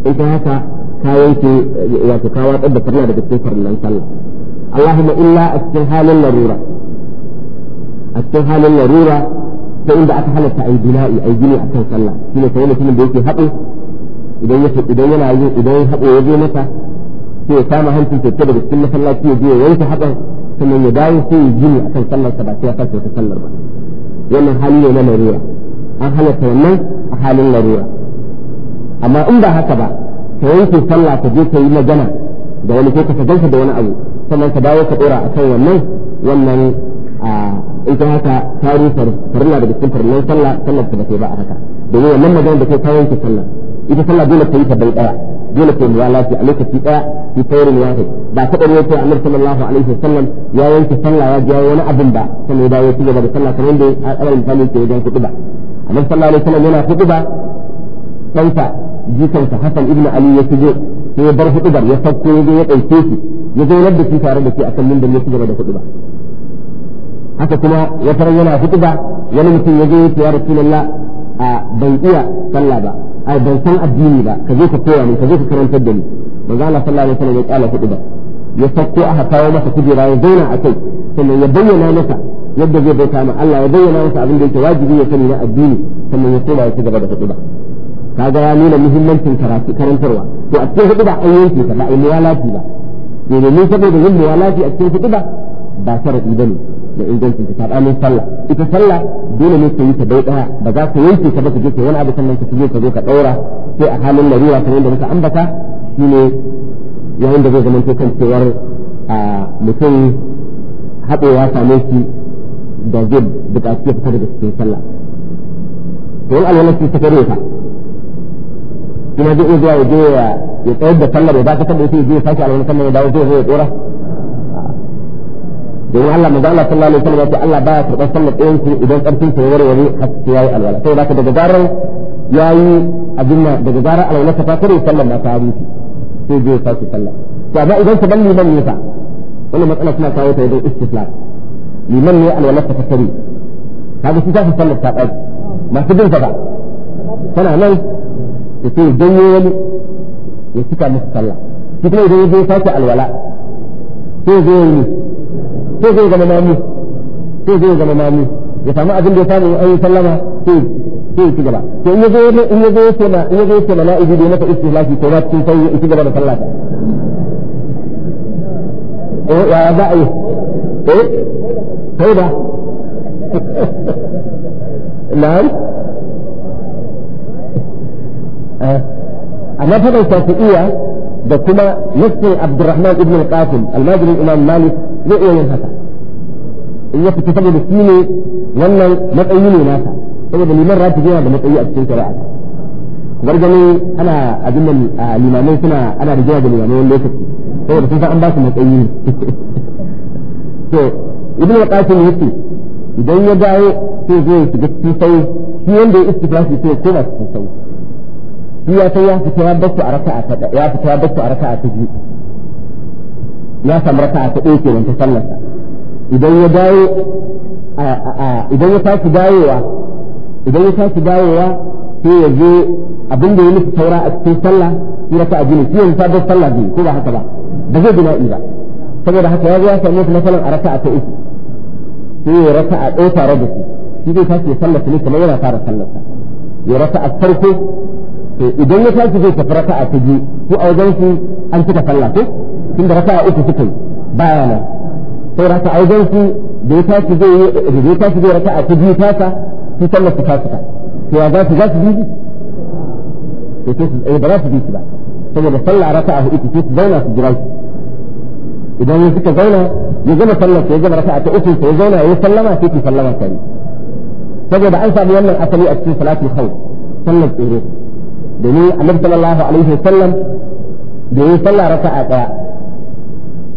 A: in ka haka ka yanke wato ka watsar da farilla daga cikin farillan sallah اللهم إلا استنهال اللرورة استنهال اللرورة فإن بقى حالة أي بنائي أي جني أكن صلى شنو فإن فيلم بيكي هبه إذا يفي إذا ينا إذا يهبه يجي متى في كام هم في تتبع السنة صلى في يجي وينت هبه ثم يداوي في جني أكن صلى سبع سياسات يتصلى بقى يلا حالي ولا مرورة أنا حالة تمام حال اللرورة أما إن بقى هكذا فإن في صلى تجي كي مجنى ده ولكي تفضلها ده وأنا أبو sannan ka dawo ka dora a kan wannan wannan a ita haka tarihar rufe farilla daga cikin farillan sallah sallar ta ba ba a haka domin wannan magana da kai ta yanke sallah ita sallah dole ta yi ta bai daya dole ta yi muwalati a lokaci daya fi saurin wahai ba ta ɗaure ta annabi sallallahu alaihi wasallam ya yanke sallah ya ji wani abin ba sannan ya dawo ya ci gaba da sallah kamar da a ƙarar misali ke wajen kuɗi ba annabi sallallahu alaihi wasallam yana kuɗi ba ɗansa jikansa hasan ibnu ali ya shigo sai ya bar huɗubar ya sauko ya zo ya ɗauke shi ya zaunar da shi tare da shi a kan mindan ya ci gaba da kuɗi ba haka kuma ya fara yana hudu ba wani mutum ya zo ya ce ya rasulullah a ban iya sallah ba a ban san addini ba ka zo ka koya ni ka zo ka karantar da ni manzo Allah sallallahu alaihi wasallam ya kala kuɗi ba ya sako a kawo masa kujera ya zauna a kai sannan ya bayyana masa yadda zai bauta ma Allah ya bayyana masa abin da yake wajibi ya sani na addini sannan ya koma ya ci gaba da kuɗi ba kaga ya nuna muhimmancin karantarwa to a cikin hudu ba an yanke ta ba a yi ba ne domin saboda yin muwalati a cikin kuɗi ba ba ne da ingancin ta sabanin sallah ita sallah dole ne ka yi ta bai daya ba za ka yanke ka ba ka je ka wani abu sannan ka je ka zo ka daura sai a halin larura kamar yadda muka ambata shine yayin da zai zama to kan cewar mutum haɗewa same shi da zai buƙaci ya fita daga cikin sallah to in alwala shi ta kare kuma zai iya zuwa ya je ya tsayar da sallar ya dakatar da ita ya je ya sake alwani sallar ya dawo zai zo ya dora domin Allah manzo Allah sallallahu alaihi wasallam ya ce Allah baya karɓar sallar ɗayan ku idan ƙarfin ku ya warware har sai yayi alwala sai da daga zarar yayi abin nan daga zarar alwala ta fara sallar na ta rufe sai je ya sake sallar to amma idan ta ban liman ne fa wannan matsala suna kawo ta idan istislam liman ne alwala ta fara kaga su ta sallar ta ɗauki masu bin ta ba tana nan ya sai janyo wani ya cika masa sallah shi kuma idan ya zo sace alwala sai zo yi sai zo zama mamu sai zo zama mamu ya samu abin da ya samu an yi sallama sai sai ci gaba to in ya zo in ya zo ce ma in ya zo ce ma na'ibi da maka istihlafi to ba cikin sai ya ci gaba da sallah eh ya za a yi eh sai da na'am Eh, amma faɗin shafi'iyya da kuma nufin Abdurrahman ibn al-Qasim almajirin Imam Malik zai iya yin haka in ya fita saboda shi ne wannan matsayi ne nasa saboda liman rafi yana da matsayi a cikin shari'a kamar gani ana abin nan limamai suna ana da da limamai wani lokaci saboda sun san an ba su matsayi to ibn al-qasim yace idan ya dawo sai zai shiga cikin sai shi wanda ya istiflasi sai ya koma cikin sai ya sai ya fita ya bakku a raka'a ta ya fita ya bakku a raka'a ta biyu ya samu raka'a ta ɗaya kenan ta sallar idan ya dawo idan ya tashi dawowa idan ya tashi dawowa sai ya je abin da ya nufi saura a cikin sallah ya raka'a biyu shi yanzu sabon sallah biyu ko ba haka ba ba zai bina'i ba saboda haka ya zo ya samu na sallar a raka'a ta uku sai ya raka'a ɗaya tare da su shi zai tashi ya sallar ne kamar yana fara sallar ya raka'a farko idan ya tashi zai tafi raka'a ta biyu ko a wajen su an cika sallah ko tun da raka'a uku suka yi baya nan sai raka'a wajen su da ya tashi zai yi da ya tashi zai raka'a ta biyu tasa su sallar su tasuka to ya za su za su bi su to sai su eh ba za su bi su ba saboda sallah raka'a uku sai su zauna su jira idan ya suka zauna ya gama sallar ya gama raka'a ta uku sai ya zauna ya sallama sai ki sallama kai saboda an samu wannan asali a cikin salatul khawf sallar tsoro domin annabi sallallahu alaihi wasallam da yi sallah raka'a daya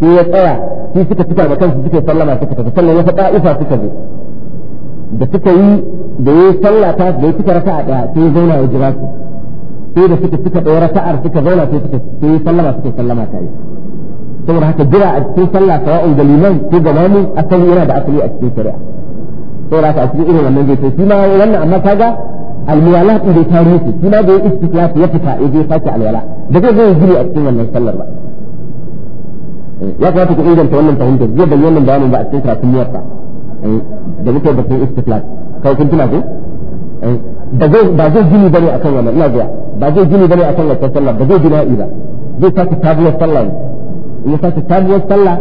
A: sai ya tsaya sai suka fitar da kansu suka sallama suka tafi sannan faɗa isa suka zo da suka yi da yayi sallah ta da suka raka'a daya sai ya zauna ya jira su sai da suka suka ɗaya raka'ar suka zauna sai suka sai sallama suka sallama ta yi saboda haka jira a cikin sallah sawa'un da liman ko ga mamu asali yana da asali a cikin shari'a saboda haka a cikin irin wannan zai shi ma wannan amma kaga alwala din da ta rufe shi ma da ya ya fita ya je sake alwala da zai zai giri a cikin wannan sallar ba eh, ya kamata ku inganta wannan fahimtar zai bayyana bayanin ba a cikin karatun miyarsa eh, da muke da cikin istiklaf kawai kun tuna ko eh, ba zai ba zai gini bane akan wannan ina ga ba zai gini bane akan wannan sallar ba zai bina'i ba zai sake tabuwar sallar ya sake tabuwar sallar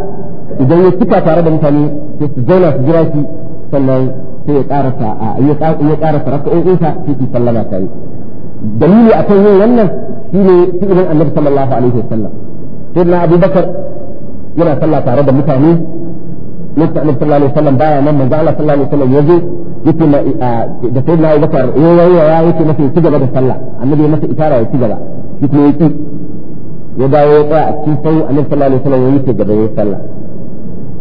A: idan ya cika tare da mutane sai su zauna su jira shi sannan sai ya karasa ya karasa raka'o'insa sai ki sallama yi dalili akan yin wannan shine fi'ilin annabi sallallahu alaihi wasallam sai na Bakar yana sallah tare da mutane lokacin annabi sallallahu alaihi wasallam baya nan manzo Allah sallallahu alaihi wasallam yaje yake na da sai na Bakar yayi ya yake masa ci gaba da sallah annabi ya masa itara ya ci gaba yake yake ya dawo ya tsaya a cikin sau annabi sallallahu alaihi wasallam yake gaba ya sallah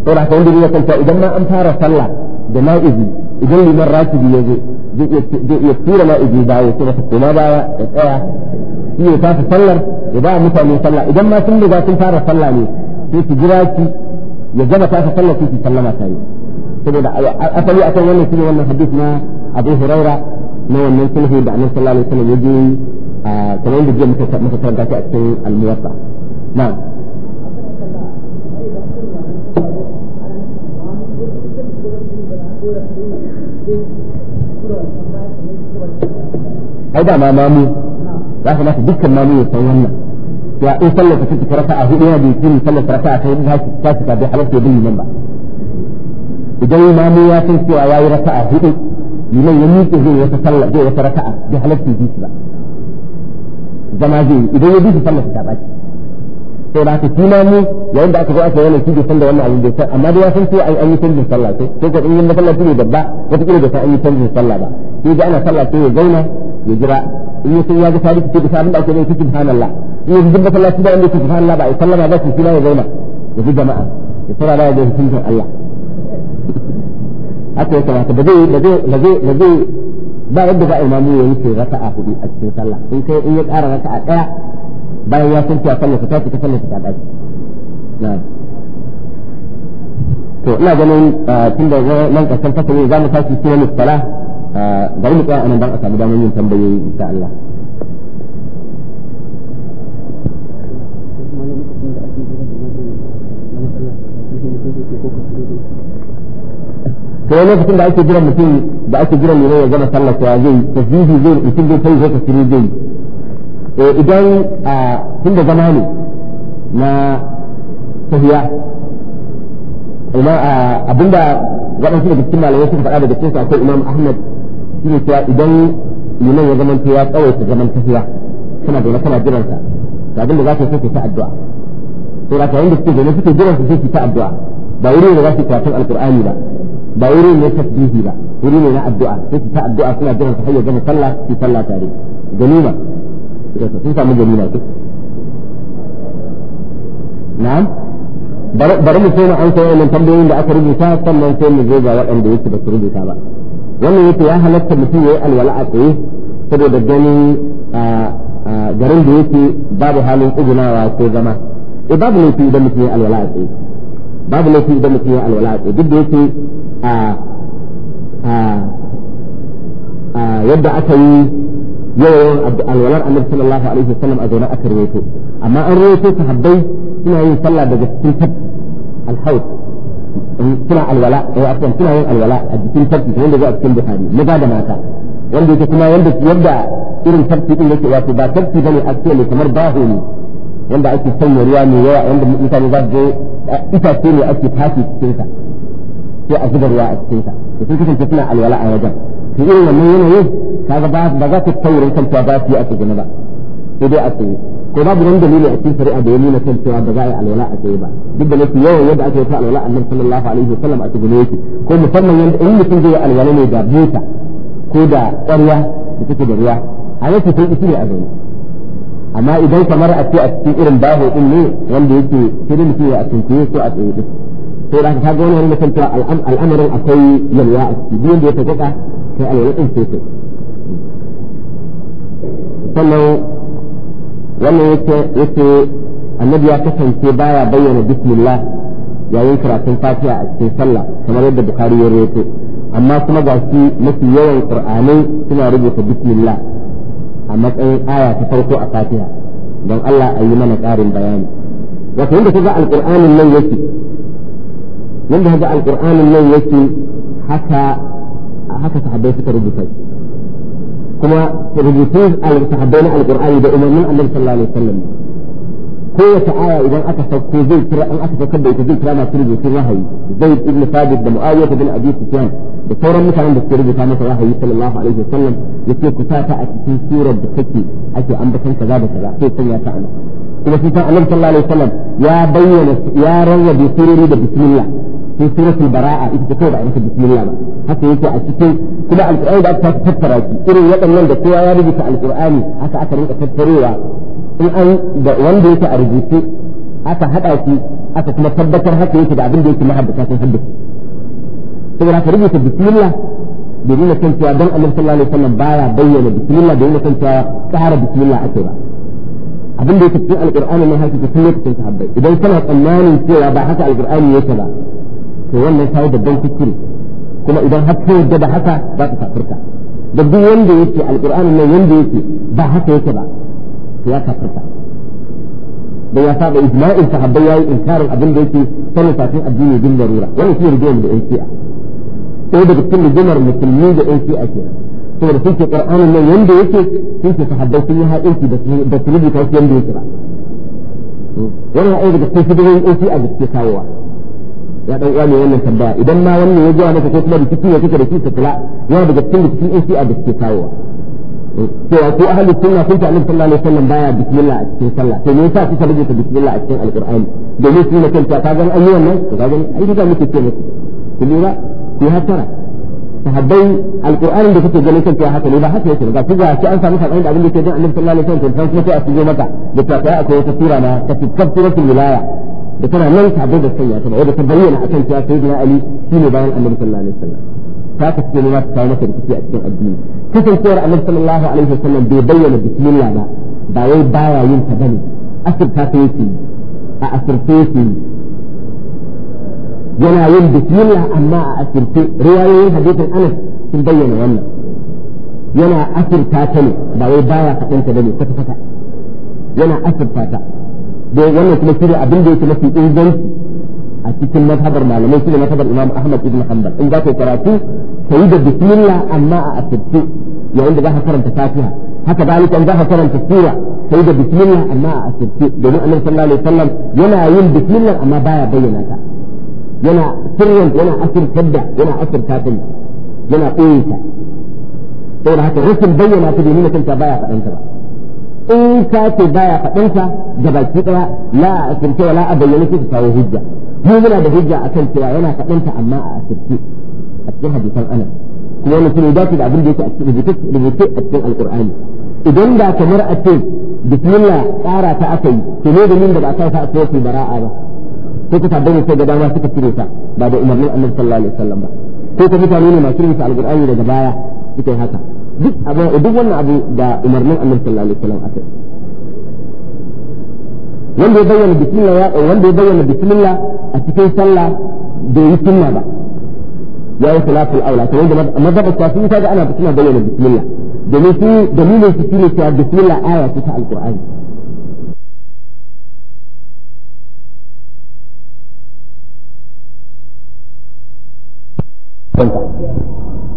A: saboda haka wanda ya kanta idan ma an fara sallah da na'izi idan liman rakibi ya zo zai iya tura ma ije baya ya tura kuma baya ya tsaya shi ya tafi sallar ya ba mutane sallah idan ma sun riga sun fara sallah ne sai su jira ki ya gama tafi sallar su sallama ta yi saboda asali akan wannan shine wannan hadith na Abu Huraira na wannan sulhu da Annabi sallallahu alaihi wasallam ya je kamar yadda jiya muka karanta shi a cikin al-Muwatta na'am Thank you. ai da ma mamu ya kamata dukkan mamu ya san wannan ya in sallar ka take raka a hudu yana da yakini sallar ka raka a kai ta ta ta bai halatta ya bin ba idan mamu ya san cewa yi raka a hudu liman ya miƙe zai wata sallar zai wata raka'a bai halatta ya bi ba zama zai idan ya bi shi sallar ta baki sai da aka kima mu yayin da aka zo aka yana shi bai sanda wannan abin bai san amma dai ya san sai an yi canjin sallah sai ko ka yin sallah masallaci ne babba wata kila da sai an yi canjin sallah ba sai da ana sallah sai ya zauna ya jira in ya san ya ga sabit sai da abin da ake yi cikin subhanallah in ya sallah masallaci da inda cikin subhanallah ba ai sallah ba sai ya zauna ya ji jama'a ya fara da da hukuncin Allah haka ya kamata da zai da zai da zai ba yadda ba imamu ya yi sai raka'a hudu a cikin sallah in kai in ya ƙara raka'a ɗaya bayan ya san cewa sallar ta tafi ta sallar ta dace to ina ganin ah, tunda nan karshen fasali za mu tashi cikin musala ah, bari mu tsaya anan dan a samu damar yin tambayoyi insha Allah to wani lokacin da ake jiran mutum da ake jiran ne ya gama sallar ta zai tasbihi zai mutum zai kai zai tasbihi zai Eh, idan a tun da zama ne na tafiya imam abinda waɗansu da cikin malamai sun faɗa daga cikin akwai imam ahmad shi ne cewa idan liman ya zama tsawai ta zaman tafiya kana zaune kana jiran sa ga abinda za ka sai ta addu'a to da kayan da suke zaune suke jiran su sai ta addu'a ba wuri ne za su karatun alqur'ani ba ba wuri ne tasbihi ba wuri ne na addu'a sai ta addu'a suna jiran su har ya gama sallah su sallah tare ganima sun samu ganima ko na'am bari mu sai mu an sai wannan tambayoyin da aka rubuta sannan sai mu zo ga waɗanda yake ba su rubuta ba wannan yake ya halatta mutum yayi alwala a tsaye saboda ganin garin da yake babu halin ugunawa ko zama eh babu laifi idan mutum yayi alwala a tsaye babu laifi idan mutum yayi alwala a tsaye duk da yake a yadda aka yi yawan alwalar annabi sallallahu alaihi wasallam a zaune aka rawaito amma an rawaito sahabbai suna yin sallah daga cikin tab alhaus suna alwala eh afwan suna yin alwala a cikin tabbi wanda zai a cikin buhari maza da mata wanda yake kuma wanda yadda irin tabti din yake wato ba tabti bane a cikin ne kamar baho ne wanda ake sanya ruwa ne yawa wanda mutane za su je eh, itace ne ake tashi cikin sa sai a zuba ruwa a cikin sa to sun kasance suna alwala a wajen to irin wannan yanayin kaga ba ba za ta taurin kanta ba su yi a tsuguna ba sai dai a tsaye ko babu wani dalili a cikin shari'a da ya nuna kan ba za a yi alwala a tsaye ba duk da mafi yawan yadda ake ta alwala annabi sallallahu alaihi wa sallam a tsuguna yake ko musamman yanda in mutum zai yi alwala ne da mota ko da ƙarya da take da ruwa a yake sai ita ne a zaune amma idan kamar a ce a cikin irin baho din ne wanda yake sai da mutum ya a ko a tsaye din sai da ka ga wani wani mutum cewa al'amarin akwai yalwa a ciki duk da ya tafi sai alwala din sai sannan wannan yake yake annabi ya kasance baya bayyana bismillah yayin karatun fatiha a cikin sallah kamar yadda bukari ya rawaito amma kuma ga shi mafi yawan qur'anai suna rubuta bismillah a matsayin aya ta farko a fatiha don Allah a yi mana ƙarin bayani wato yadda kaga alqur'anin nan yake yadda kaga alqur'anin nan yake haka haka sahabbai suka rubuta shi kuma rubutu sahabbai na alqur'ani da umarnin annabi sallallahu alaihi wasallam kowace aya idan aka sauko zai kira an aka saukar da ita zai kira masu rubutun wahayi zai ibn sabit da mu'awiyah bin abi sufyan da sauran mutanen da suke rubuta masa wahayi sallallahu alaihi wasallam yace ku sa ta a cikin surar da take ake ambaton kaza da kaza sai sanya ta ana kuma shi ta annabi sallallahu alaihi wasallam ya bayyana ya rawwa bi sururi da bismillah في سورة البراءة إذا تكون بعد بسم الله حتى يجي أشكي على القرآن بعد تفسر أشكي إنه يقول من دكتوا يا ربي فعل القرآن حتى أكرم تفسريه إن أن وان بيك أرجيك حتى حتى شيء حتى كما تبكر حتى يجي بعد بيك محبة حبك هكذا يحبك تقول تريد ربي بسم الله بيقول لك أنت يا دم النبي صلى الله عليه وسلم بايع بين بسم الله بيقول لك أنت سهر بسم الله أكبر abin da yake cikin alƙur'ani ne haka cikin lokacin sahabbai idan kana tsammanin cewa ba haka alƙur'ani yake ba to wannan kai babban kuskure kuma idan har ta yadda da haka za ta kafirta da duk wanda yake alqur'anin nan wanda yake ba haka yake ba to ya kafirta da ya saba ijma'in sahabbai yayi inkarin abin da yake sanin fatin addini bin darura wannan shi rigiyar da yake sai daga cikin rigimar musulmi da yake a kenan saboda sun ce qur'anin nan wanda yake sun ce sahabbai sun yi haƙinci da su rubuta shi yanda yake ba wannan ai daga cikin shidoyin yake a gaske kawowa ya dan uwa ne wannan tambaya idan ma wannan ya zuwa maka ko kuma rikici ne kike da shi sakala ya daga cikin rikicin in shi a da suke kawowa cewa ko ahli sunna kun ta annabi sallallahu alaihi wasallam baya bismillah a cikin sallah to me yasa kuka rubuta bismillah a cikin alqur'ani domin shi ne kan ta kaga an yi wannan ka ga ai riga muke ce to muku ba ki hatara sahabbai alqur'ani da kake ganin ta haka ne ba haka yake ba kuga ki an samu sabani da abin da ke jin annabi sallallahu alaihi wasallam kan kuma sai a cikin maka da ta kai akwai wata sura na ta tafsiratul wilaya da tana nan tabe da sanya ta ba wadda ta bayyana akan cewa sayyidina ali shine bayan annabi sallallahu alaihi wasallam ta ka cikin ma ta kawo masa rikici a cikin addini kasancewar annabi sallallahu alaihi wasallam bai bayyana bismillah ba ba wai baya yin ta bane asirta ta yake a asirta yake yana yin bismillah amma a asirce riwayoyin hadisin anas sun bayyana wannan yana asirta ta ne ba wai baya faɗin ta bane kwata kwata yana asirta ta da wannan kuma shine abin da yake mafi inganci a cikin mazhabar malamai shine mazhabar Imam Ahmad ibn Hanbal in za ka karatu sai da bismillah amma a asirce yayin da za ka karanta Fatiha haka dalika in za ka karanta sura sai da bismillah amma a asirce domin Annabi sallallahu alaihi wasallam yana yin bismillah amma baya bayyana ta yana sirrin yana asirtar da yana asirta ta yana koyi ta saboda haka rashin bayyana ta bai nuna kanta baya faɗanta ba in ka ce baya faɗinsa da baki ɗaya la a asirce wala a bayyana ki kawo hujja mu muna da hujja akan cewa yana faɗinta amma a asirce a cikin hadisan anas kuma wani sun dace da abin da yake a cikin rubuce a cikin alƙur'ani idan da kamar a ce bismillah ƙara ta aka yi to ne da min da ba a sa a cikin bara'a ba ko ka tabbata sai da dama suka cire ta ba da umarnin annabi sallallahu alaihi wasallam ba ko ka mutane ne masu rubuta alƙur'ani daga baya suke haka duk abin duk wannan abu da umarnin annabi sallallahu alaihi wasallam akai wanda ya bayyana bismillah ya wanda ya bayyana bismillah a cikin sallah bai yi sunna ba ya yi salatul aula to wanda madaba ta sun kaga ana suna bayyana bismillah domin su dalilin su shine cewa bismillah aya ce ta alqur'ani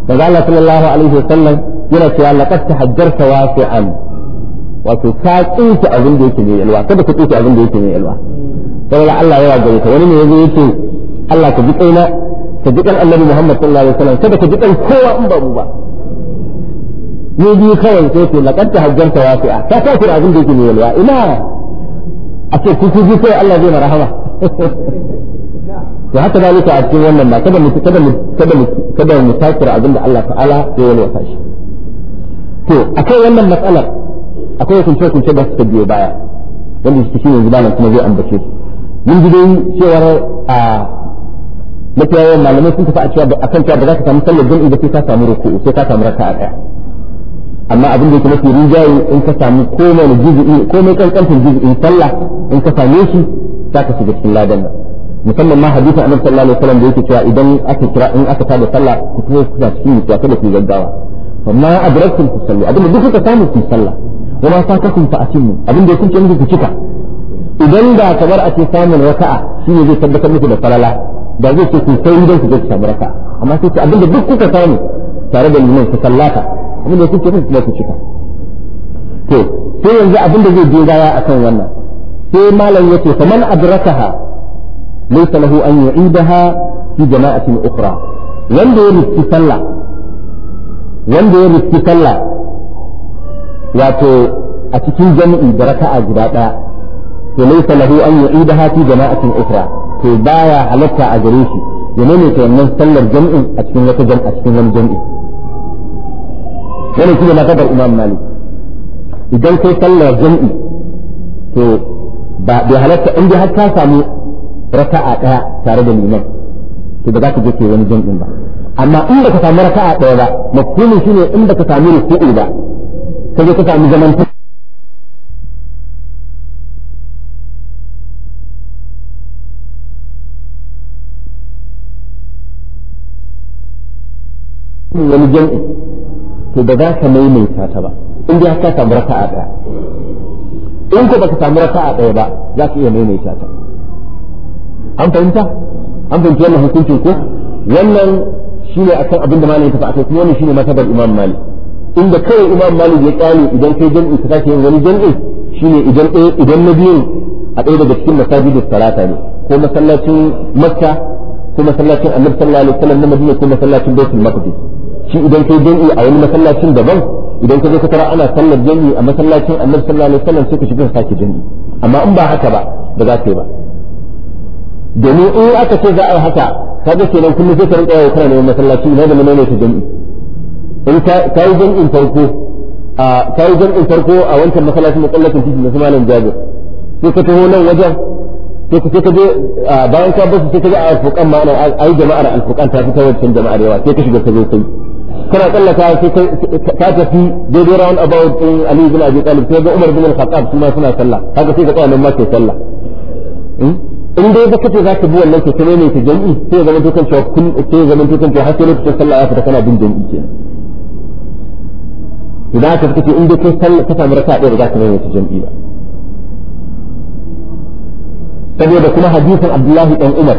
A: Manzo Allah sallallahu alaihi wasallam yana cewa laqad tahajjarta wasi'an wato ka tsinci abin da yake mai yalwa kada ka tsinci abin da yake mai yalwa saboda Allah ya gare ka wani ne yazo yace Allah ka ji kaina ka ji kan Annabi Muhammad sallallahu alaihi wasallam kada ka ji kan kowa in ba mu ba ne biyu kawai sai ce laqad tahajjarta wasi'a ka kafir abin da yake mai yalwa ina a ce ku ji sai Allah zai rahama to haka zalika a cikin wannan ba kada mu kada mu kada mu kada abin da Allah ta'ala ya yalwa shi to akai wannan matsalar akwai kunce kunce da suka biyo baya wanda su cikin yanzu bana kuma zai ambace su mun ji dai cewar a mafi malamai sun tafi a cewa akan cewa ba za ka samu sallar jami'i ba sai ka samu ruku sai ka samu raka'a daya amma abin da yake mafi rijayi in ka samu komai juz'i komai kan juz'in sallah in ka same shi za ka shiga cikin ladan nan musamman ma hadisi annabi sallallahu alaihi wasallam da yake cewa idan aka kira in aka tada sallah ku kuma ku cikin ku ta da ku gaggawa ma adraktum fi sallu abinda duk kuka samu fi sallah wa ma sakakum fa atimmu abinda ya kunce muku ku cika idan da kamar a ce samun raka'a shine zai tabbatar muku da falala da zai ce ku sai idan ku zai samu raka'a amma sai abinda duk kuka samu tare da liman ku sallata abinda ya kunce muku ku cika to sai yanzu abinda zai dinga ya akan wannan sai malam yace faman adrakaha laysa lahu an yu'idaha fi jama'atin ukhra wanda ya rubuta sallah wanda ya riski sallah wato a cikin jami'i da raka'a guda ɗaya to lai salahu an yu'idaha fi jama'atin ukhra to baya halatta a gare shi ya ne ta wannan sallar jami'in a cikin wata jami'a cikin wani jami'i wani shi ne makabar imam malik idan kai sallar jami'i to ba bai halatta in dai har ka samu raka'a ɗaya tare da liman to ba za ka je ke wani jami'in ba amma in baka samu raka'a ɗaya ba mafhumin shine in baka samu ruku'u ba sai ka samu zaman wani jam'i to ba za ka maimaita ta ba in dai ka samu raka'a ɗaya in ko baka samu raka'a ɗaya ba za ka iya maimaita ta an fahimta an fahimci wannan hukuncin ko wannan shi shine akan abin da malam ya tafi akai kuma wannan shine matabar imam malik inda kawai imam malik ya kyale idan kai jami'i ka sake yin wani shi ne idan idan na biyun a ɗaya daga cikin masajidus salata ne ko masallacin makka ko masallacin annabi sallallahu alaihi wasallam na madina ko masallacin baitul maqdis shi idan kai jami'i a wani masallacin daban idan ka zo ka tara ana sallar jami'i a masallacin annabi sallallahu alaihi wasallam sai ka shiga sake jami'i amma in ba haka ba ba za ka yi ba domin in aka ce za a yi haka kaga kenan kullum sai ka rinka yawo kana neman masallaci ina da menene ta jami'i in ka yi jami'in farko a ka yi jami'in farko a wancan masallacin masallacin titi na malam jabir sai ka taho nan wajen sai ka ka je bayan ka basu sai ka je a alfuqan ma'ana ai jama'ar alfuqan ta fi ta wancan jama'ar yawa sai ka shiga ka zo sai kana tsallaka sai ka tafi daidai round about din Ali bin Abi Talib sai ga Umar bin Al-Khattab kuma suna sallah haka sai ka tsaya nan ma ke sallah hmm? in dai ba kace za ka bi wannan keke ne ta jami'i sai ya zama dukan cewa kun sai ya zama dukan cewa har sai lokacin sallah ya fita kana bin jami'i kenan idan aka kace in dai kai sallah ka samu raka'a ɗaya ba za ka mai ta jami'i ba saboda kuma hadisin Abdullahi dan Umar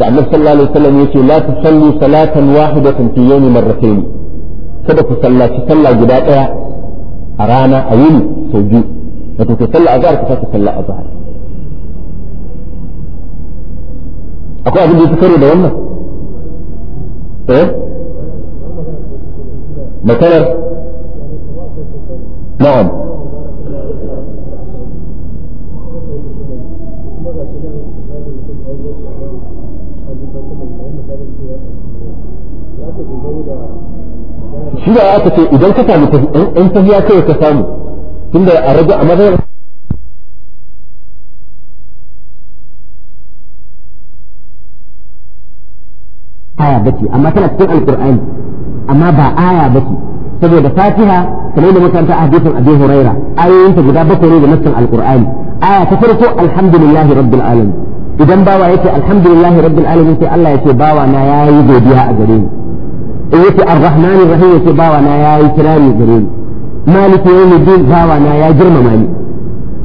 A: da Annabi sallallahu alaihi wasallam yace la tusallu salatan wahidatan fi yawmi marratayn kada ku sallaci sallah guda ɗaya a rana a yini sau biyu wato ka sallah azhar ka sake sallah azhar akwai abin da ya karo da wannan eh
B: makarar na'am shi da aka ce idan ka samu in tafiya kai
A: ka samu tunda a rage a madadin aya bace amma tana cikin alqur'ani amma ba aya bace saboda fatiha kamar da makaranta ta hadisin abi huraira ayoyin ta guda bakwai ne da nassin alqur'ani aya ta farko alhamdulillahi rabbil alamin idan bawa yake alhamdulillahi rabbil alamin sai Allah yake bawa na yayi godiya a gare ni in yake arrahman rahim yake bawa na yayi kirani gare ni maliki yawmiddin bawa na ya girmama ni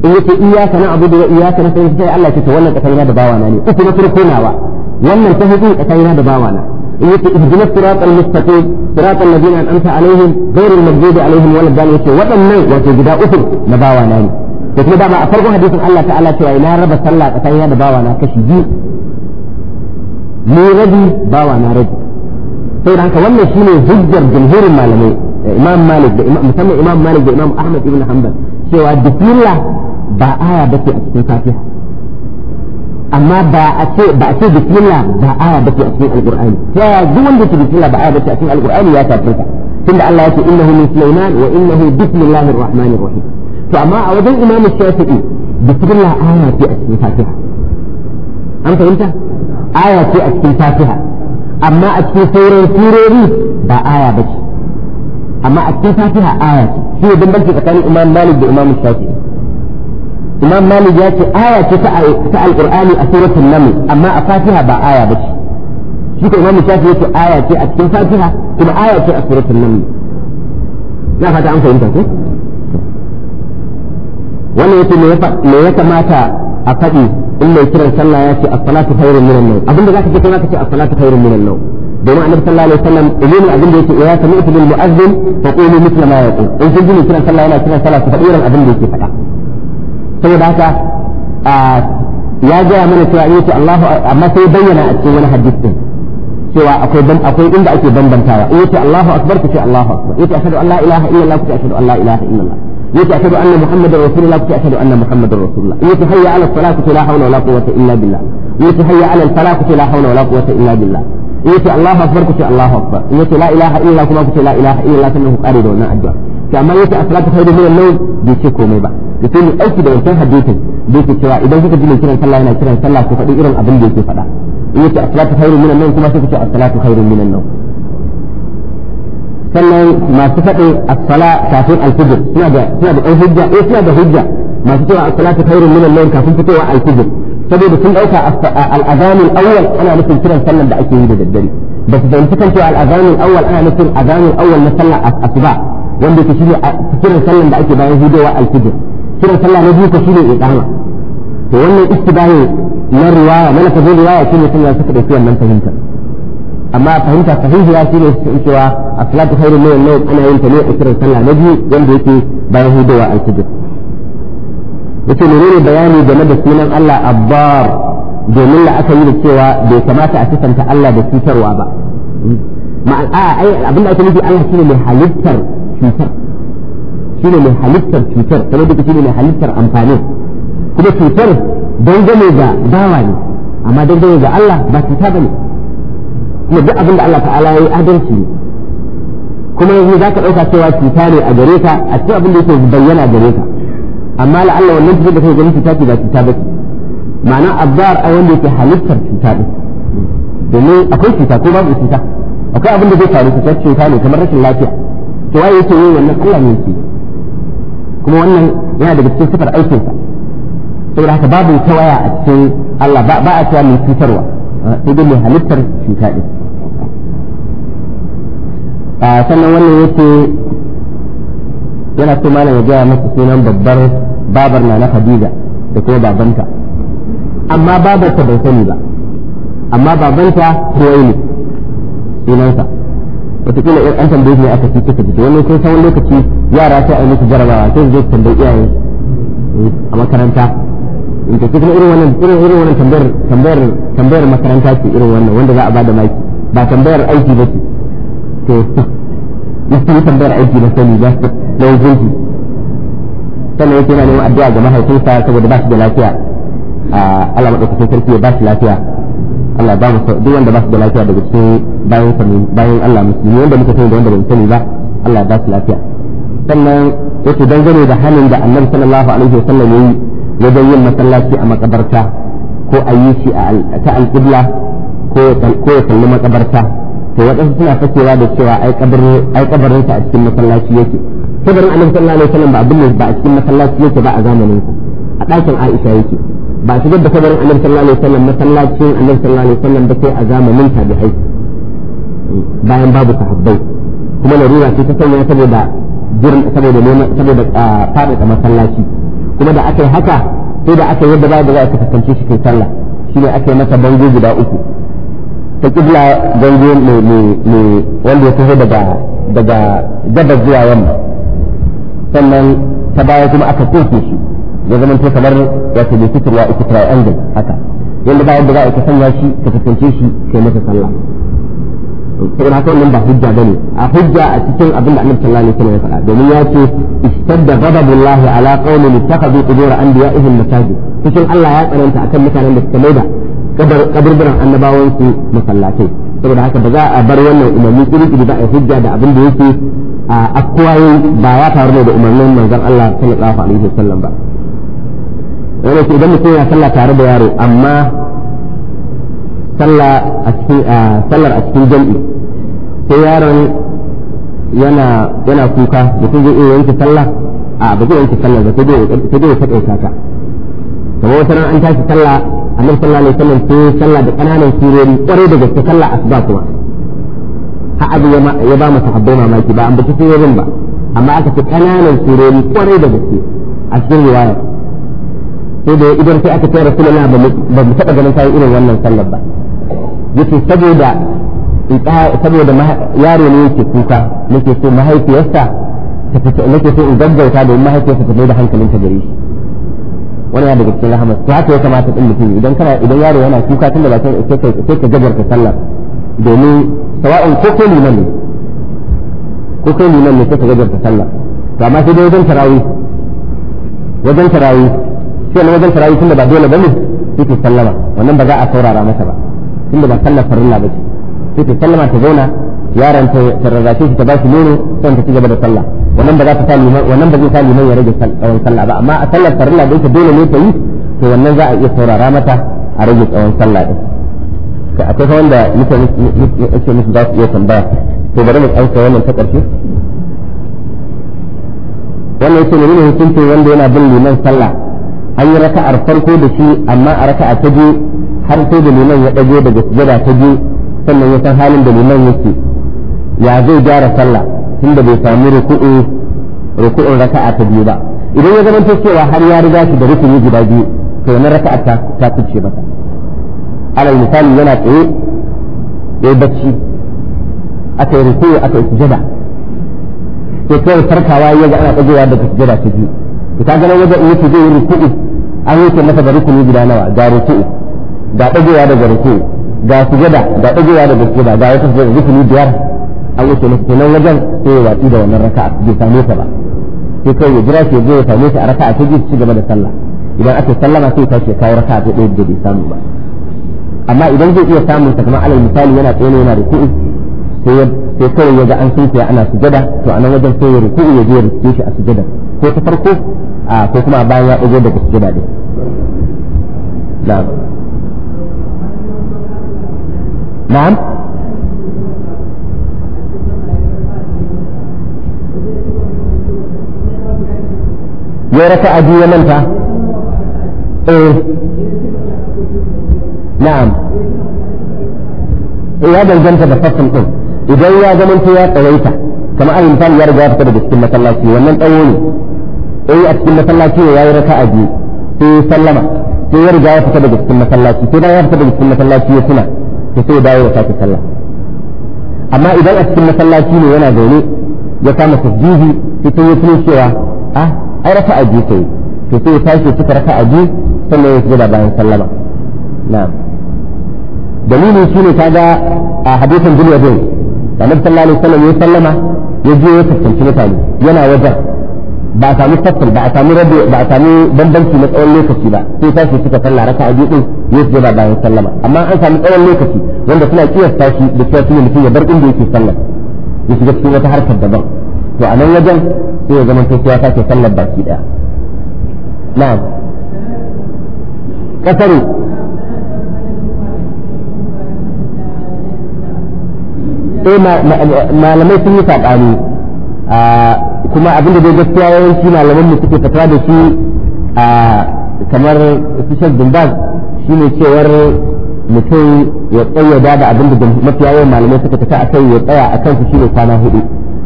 A: in yake iyyaka na'budu wa iyyaka nasta'in sai Allah yake wannan kasan da bawa na ne uku na farko nawa wannan ta hukun tsakanina da bawana in yake ihdina siratal mustaqim siratal ladina an'amta alaihim ghayril maghdubi alaihim waladdallin yace waɗannan wato gida uku na bawana ne to kuma dama a farkon hadisin Allah ta'ala cewa ina raba sallah tsakanina da bawana kashi biyu ni rabi bawana rabi saboda haka wannan shine hujjar jumhurin malamai eh, imam malik da musamman imam malik da imam ahmad ibn hanbal cewa bismillah ba aya bace a cikin fatiha amma ba a ce ba a ce bismillah ba aya bace a cikin alqur'ani ya duk wanda ke bismillah ba aya bace a cikin alqur'ani ya tafi ta tunda Allah ya ce innahu min sulaiman wa innahu bismillahir rahmanir rahim to amma a wajen imam shafi'i bismillah aya ce a cikin fatiha an fahimta aya ce a cikin fatiha amma a cikin sauran surori ba aya bace amma a cikin fatiha aya ce shi bambanci tsakanin imam malik da imam shafi'i imam malik ya ce aya ce ta alqur'ani a suratul naml amma a fatiha ba aya ba ce shi ko imam shafi ya ce aya ce a cikin fatiha kuma aya ce a suratul naml na fata an fahimta ko wannan yace me ya kamata a faɗi in mai kiran sallah ya ce as-salatu khairun minan nawm abinda zaka ce kana ka ce as-salatu khairun minan nawm domin annabi sallallahu alaihi wasallam umumin abin da yake ya sami'tu bil mu'azzin fa qulu mithla ma yaqul in kun ji kiran sallah yana kiran sallah ku faɗi irin abin da yake faɗa saboda haka ya gaya mana cewa yi to Allahu amma sai bayyana a cikin wani hadisin cewa akwai ban akwai inda ake bambantawa yi to Allahu akbar ku ce Allahu akbar yi to ashhadu an la ilaha illallah ku ce ashhadu an la ilaha illallah yi to ashhadu anna muhammadar rasulullah ku ce ashhadu anna muhammadar rasulullah yi to hayya ala salat ku ce la hawla wala quwwata illa billah yi to hayya ala falah ku ce la hawla wala quwwata illa billah yi to Allahu akbar ku ce Allahu akbar yi to la ilaha illallah kuma ku ce la ilaha illallah sannan ku kare da wannan addu'a amma yi to as-salatu khairu min an-nawm bai ce komai ba da sai mu aiki da wancan hadisin da yake cewa idan kuka ji mai kiran sallah yana kiran sallah ku faɗi irin abin da yake faɗa in yake as-salatu khairun minan nawm kuma sai ku ce as-salatu khairun minan nawm sannan masu faɗi as-sala kafin al-fajr suna da suna da hujja eh suna da hujja masu cewa as-salatu khairun minan nawm kafin fitowa al-fajr saboda sun dauka al-adhan al-awwal ana nufin kiran sallan da ake yi da daddare ba su fahimci kan cewa al-adhan awwal ana nufin adhan al-awwal na sallar asuba wanda ke shine kiran sallan da ake bayan hudowa al-fajr kiran sallah na biyu ko shine iqama to wannan istibahi na riwaya na lafazin riwaya shine sallah suka dauki wannan fahimta amma fahimta sahihiya shine suke cewa as-salatu khairun min nawm ana yin ta ne a kiran sallah na biyu wanda yake bayan hudawa al-fajr yace menene bayani game da sunan Allah abbar domin la aka yi da cewa bai kamata a sifanta Allah da cutarwa ba ma'a ai abinda ake nufi Allah shine mai halittar cutar shine mai halittar cutar kuma duka shine mai halittar amfani kuma cutar dangane ga dawa ne amma dangane ga Allah ba cuta bane kuma duk abin da Allah ta'ala yi adalci ne kuma yanzu za ka ɗauka cewa cuta ne a gare ka a cikin abin da yake bayyana gare ka amma la'alla wannan cutar da kai ganin cuta ce ba cuta ba ce ma'ana abdar a wanda yake halittar cuta ɗin domin akwai cuta ko babu cuta akwai abin da zai faru cuta cuta ne kamar rashin lafiya to waye yake yin wannan Allah ne yake kuma wannan yana daga cikin sifar aikin sa saboda haka babu ta waya a cikin Allah ba ba a cewa mai cutarwa eh, sai dai mai halittar cuta din ah, sannan wannan yake yana so malam ya gaya masa sunan babbar babar na na Khadija da kuma babanta amma babarta bai sani ba amma babanta kowai ne sunansa wataƙila an tambaye ne aka ci kika jiki wannan sai sawon lokaci yara sai a musu jarabawa sai su je su tambayi iyaye eh, a makaranta in ta kuma irin wannan irin irin wannan tambayar tambayar tambayar makaranta ce irin wannan wanda za a bada maki ba tambayar aiki ba ce to yasu yi tambayar aiki na sani ba na hukunci sannan yake yana neman addu'a ga mahaifinsa saboda ba su da lafiya a Allah maɗaukakin sarki ya ba su lafiya Allah ba mu duk wanda ba su da lafiya daga cikin bayan bayan Allah musulmi wanda muka sani da wanda ba mu sani ba Allah ba su lafiya sannan yake dangane da hannun da annabi sallallahu alaihi wa sallam yayi wajen yin masallaci a makabarta ko a yi shi ta alƙibla ko ya kalli makabarta to waɗansu suna fakewa da cewa ai kabarinsa a cikin masallaci yake kabarin annabi sallallahu alaihi wa sallam ba abin ba a cikin masallaci yake ba a zamanin ku a ɗakin Aisha yake ba a shigar da kabarin annabi sallallahu alaihi wa sallam masallacin annabi sallallahu alaihi wa sallam ba sai a zamanin tabi'ai bayan babu sahabbai kuma larura ce ta sanya saboda jirin saboda neman saboda ah, faɗaɗa masallaci kuma da aka yi haka sai da aka yadda ba da za a kasance shi kai sallah shine aka yi masa bango guda uku ta kibla bango
C: ne
A: wanda ya taho daga daga gabas zuwa yamma sannan ta baya kuma aka koke shi ya zama ta kamar ya ce bai fitarwa uku triangle haka yanda ba yadda za a ka sanya shi ka kasance shi kai masa sallah saboda haka wannan ba hujja bane a hujja a cikin abin da annabi sallallahu alaihi wasallam ya faɗa domin ya ce istadda ghadabullahi ala qaumin ittakhadhu qubur anbiya'ihim masajid cikin Allah ya tsananta akan mutanen da suka maida kaburburan annabawan su masallatai saboda haka ba za a bar wannan umarni kiri ba a hujja da abin da yake a akwai ba ya faru ne da umarnin manzon Allah sallallahu alaihi wasallam ba wani ke idan mutum ya sallah tare da yaro amma sallar a cikin jam'i sai yaron yana yana kuka mutum zai iya yanke sallah a ba zai yanke sallah ba sai dai ya takaita ta kuma wata ran an tashi sallah annabi sallallahu alaihi wasallam sai sallah da kananan surori kwarai da gaske sallah asuba kuma ha abu ya ba mu sahabbai mamaki ba an bata surorin ba amma aka ce kananan surori kwarai da gaske a cikin riwaya sai da idan sai aka ce rasulullah ba mu taba ganin sai irin wannan sallah ba yace saboda saboda yaro ne yake kuka nake so mahaifiyarsa nake so in gaggauta domin mahaifiyarsa ta da hankalin ta gare shi wani yana daga cikin rahamar to haka ya kamata din mutum idan kana idan yaro yana kuka tun da ba sai ka gajarta sallah domin sawa'un ko ko liman ne ko ko liman ne sai ka gajarta sallah to amma sai dai wajen tarawi wajen tarawi sai na wajen tarawi tun da ba dole bane sai sallama wannan ba za a saurara masa ba tun da ba sallar farilla ba ce sai ta sallama ta zauna yaran ta tarrazace shi ta ba shi nono sai ta cigaba da sallah wannan ba za ta sali wannan ba zai sali mai ya rage tsawon sallah ba amma a sallar farilla dai ta dole ne ta yi to wannan za a iya saurara mata a rage tsawon sallah din to akwai fa wanda yake musu za su iya tambaya to bari mu amsa wannan ta karshe wannan yake ne hukuncin wanda yana bin liman sallah an yi raka'ar farko da shi amma a raka'a ta biyu har sai da liman ya dage daga sujada ta biyu sannan ya san halin da liman yake ya zai gyara sallah tunda bai sami ruku'u ruku'un raka'a ta biyu ba idan ya zama cewa har ya riga shi da rukuni guda biyu to wannan raka'a ta ta kuce masa alal misali yana tsaye yayi bacci aka yi ruku'u aka yi sujada to kawai farkawa yaga ana tsagewa daga sujada ta biyu to ta nan wajen yake zai yi ruku'u an yi masa da rukuni guda nawa ga ruku'u ga tsagewa daga ruku'u ga sujada ga dagewa da sujada ga wata sujada ni biyar an wuce masa kenan wajen sai ya watsi da wannan raka'a bai same ta ba sai kai ya jira sai ya same ta a raka'a sai ya ci gaba da sallah idan aka sallama sai tashi ya kawo raka'a ta ɗaya da bai samu ba amma idan zai iya samun ta kamar alal misali yana tsaye yana da kuɗi sai kawai ya ga an sun ana sujada to a nan wajen sai ya ruku'u ya je ya rukuke shi a sujada ko ta farko ko kuma bayan ya ɗago daga sujada ɗin na'am na'am ya raka a biyu ya eh. Eh, ya danganta da fasin din idan ya zamanta ya tsawaita kamar ayin ya riga ya fita daga cikin masallaci wannan tsawo ne eh a cikin masallaci ya yi raka a biyu sai sallama sai ya riga ya fita da cikin masallaci sai ya fita masallaci ya to sai ya dawo ya sake sallah amma idan a cikin masallaci ne yana zaune ya kama tasbihi sai sai ya tuno cewa ah ai raka'a biyu kai to sai ya tashi suka raka'a biyu sannan ya sujada bayan sallama na'am dalilin shine kaga a hadisin bin wadin annabi sallallahu alaihi wasallam ya sallama ya je ya fuskanci mutane yana wajen ba a sami fassal ba a sami rabe ba a sami bambanci na tsawon lokaci ba sai tashi suka sallah raka a biyu ya su ba bayan sallama amma an sami tsawon lokaci wanda suna kiyasta shi da cewa shi mutum ya bar inda yake sallah ya shiga cikin wata harkar daban to a nan wajen sai ya zama sai ya sake sallar baki daya na'am kasaru eh malamai sun yi saɓani kuma abin da dai gaskiya yawanci malaman mu suke fata da shi kamar su shek dimbaz shi ne cewar mutum ya tsayyada da abin da mafi yawan malamai suka fita a kai ya tsaya a kansu shi ne kwana hudu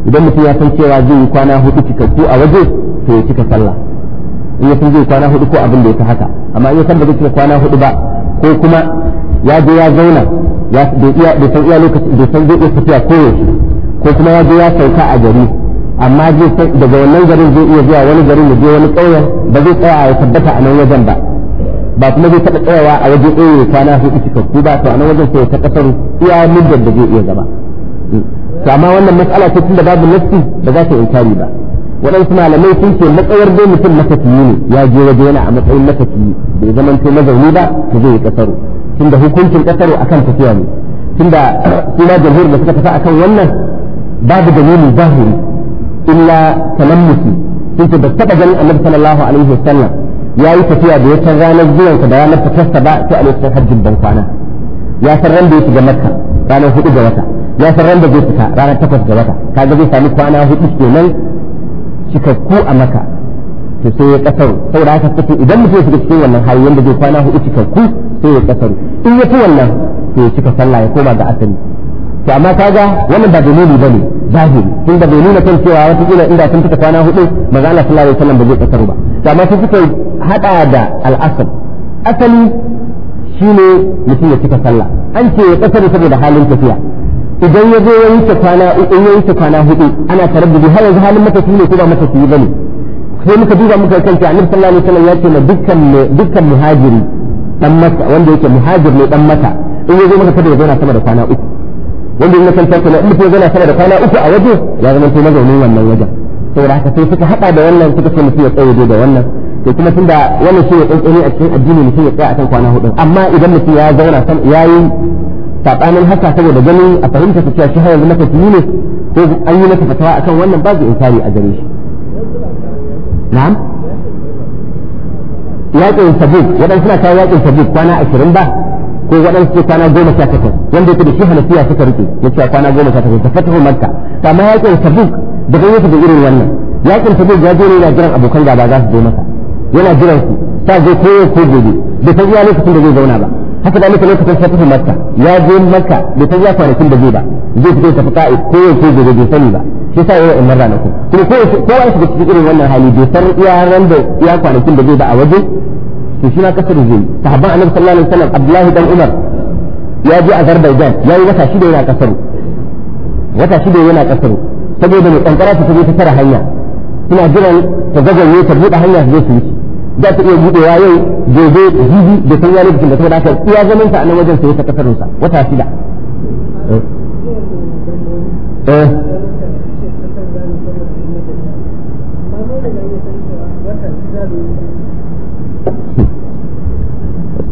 A: idan mutum ya san cewa zai yi kwana hudu cikakku a waje to ya cika sallah in ya san zai kwana hudu ko abin da ya fi haka amma in ya san ba zai cika kwana hudu ba ko kuma ya je ya zauna ya san iya lokaci da san zai iya tafiya ko ko kuma ya je ya sauka a gari amma daga wannan garin zai iya zuwa wani garin da je wani ƙauyen ba zai tsaya a tabbata a nan wajen ba ba kuma zai taɓa tsayawa a waje ɗaya ya kwana hudu cikakku ba to a nan wajen sai ta ƙasar iya muddar da zai iya zama to amma wannan matsala ce tun da babu nassi ba za ta inkari ba waɗansu malamai sun ce matsayar dai mutum matafiyi ne ya je waje yana a matsayin matafiyi bai zaman to mazauni ba to zai yi ƙasaro tun da hukuncin ƙasaro akan tafiya ne tun da suna jamhur da suka tafi akan wannan babu dalilin zahiri illa talammusi sai ba taba ganin annabi sallallahu alaihi wasallam ya yi tafiya da wata ranar zuwansa da ranar fitarsa ba sai a lokacin hajjin kwana ya san ran da ya shiga makka ranar hudu ga wata ya san ran da zai fita ranar takwas ga wata kaga zai sami kwana hudu kenan cikakku a makka to sai ya kasar saboda haka kace idan mutum ya shiga cikin wannan hali yanda zai kwana hudu cikakku sai ya kasar in ya wannan to ya cika sallah ya koma ga asali to amma kaga wannan ba dalili bane zahiri tun da bai nuna kan cewa wata kila inda sun fita kwana hudu manzo Allah sallallahu alaihi wasallam ba zai kasaru ba to amma suka hada da al'asal asali shine mutum ya cika sallah an ce ya kasaru saboda halin tafiya idan ya zo ya kwana kwana hudu ana taraddudi har yanzu halin matafi ne ko ba matafi bane sai muka duba muka kan cewa annabi sallallahu alaihi wasallam ya ce na dukkan dukkan muhajiri dan wanda yake muhajir ne dan maka in ya zo maka kada ya zauna sama da kwana uku wanda in san tattauna in mutum yana sama da kana uku a waje ya zama to mazaunin wannan wajen saboda haka sai suka hada da wannan suka ce mutum ya tsaye da wannan to kuma tunda wannan shi ya tsantsani a cikin addini ne sai ya tsaya a kan kwana hudu amma idan mutum ya zauna san yayi yi sabanin haka saboda ganin a fahimta su cewa shi har yanzu maka tuni ne ko an yi maka fatawa akan wannan ba zai inkari a gare shi na'am yaƙin sabuk waɗansu suna kawo yaƙin sabuk kwana ashirin ba ko waɗansu ce kwana goma sha takwas wanda yake da shi hanafiya suka rike ya ce kwana goma sha takwas ta fatahu makka ya yakin tabuk da ban yake da irin wannan yakin tabuk ya je ne yana jiran abokan gaba za su je masa yana jiran su ta je ko ko gobe bai san iya lokacin da zai zauna ba haka da lokacin lokacin fatahu makka ya je makka bai san iya kwanakin da zai ba zai fito ta fita ko ko gobe bai sani ba shi sa yayi wannan ranaku kuma ko ko wani cikin irin wannan hali bai san iya ran da iya kwanakin da zai ba a waje to shi ma kasar zai sahabban annabi sallallahu alaihi wasallam abdullahi dan umar ya je azerbaijan ya yi wata shida yana kasar wata shida yana kasar saboda mai kankara ta je ta tara hanya suna jiran ta zagaye ta buɗe hanya su je su wuce za ta iya buɗewa yau gobe jibi da san ya lokacin da ta dace iya zaman ta a nan wajen sai ta sa wata shida eh, eh.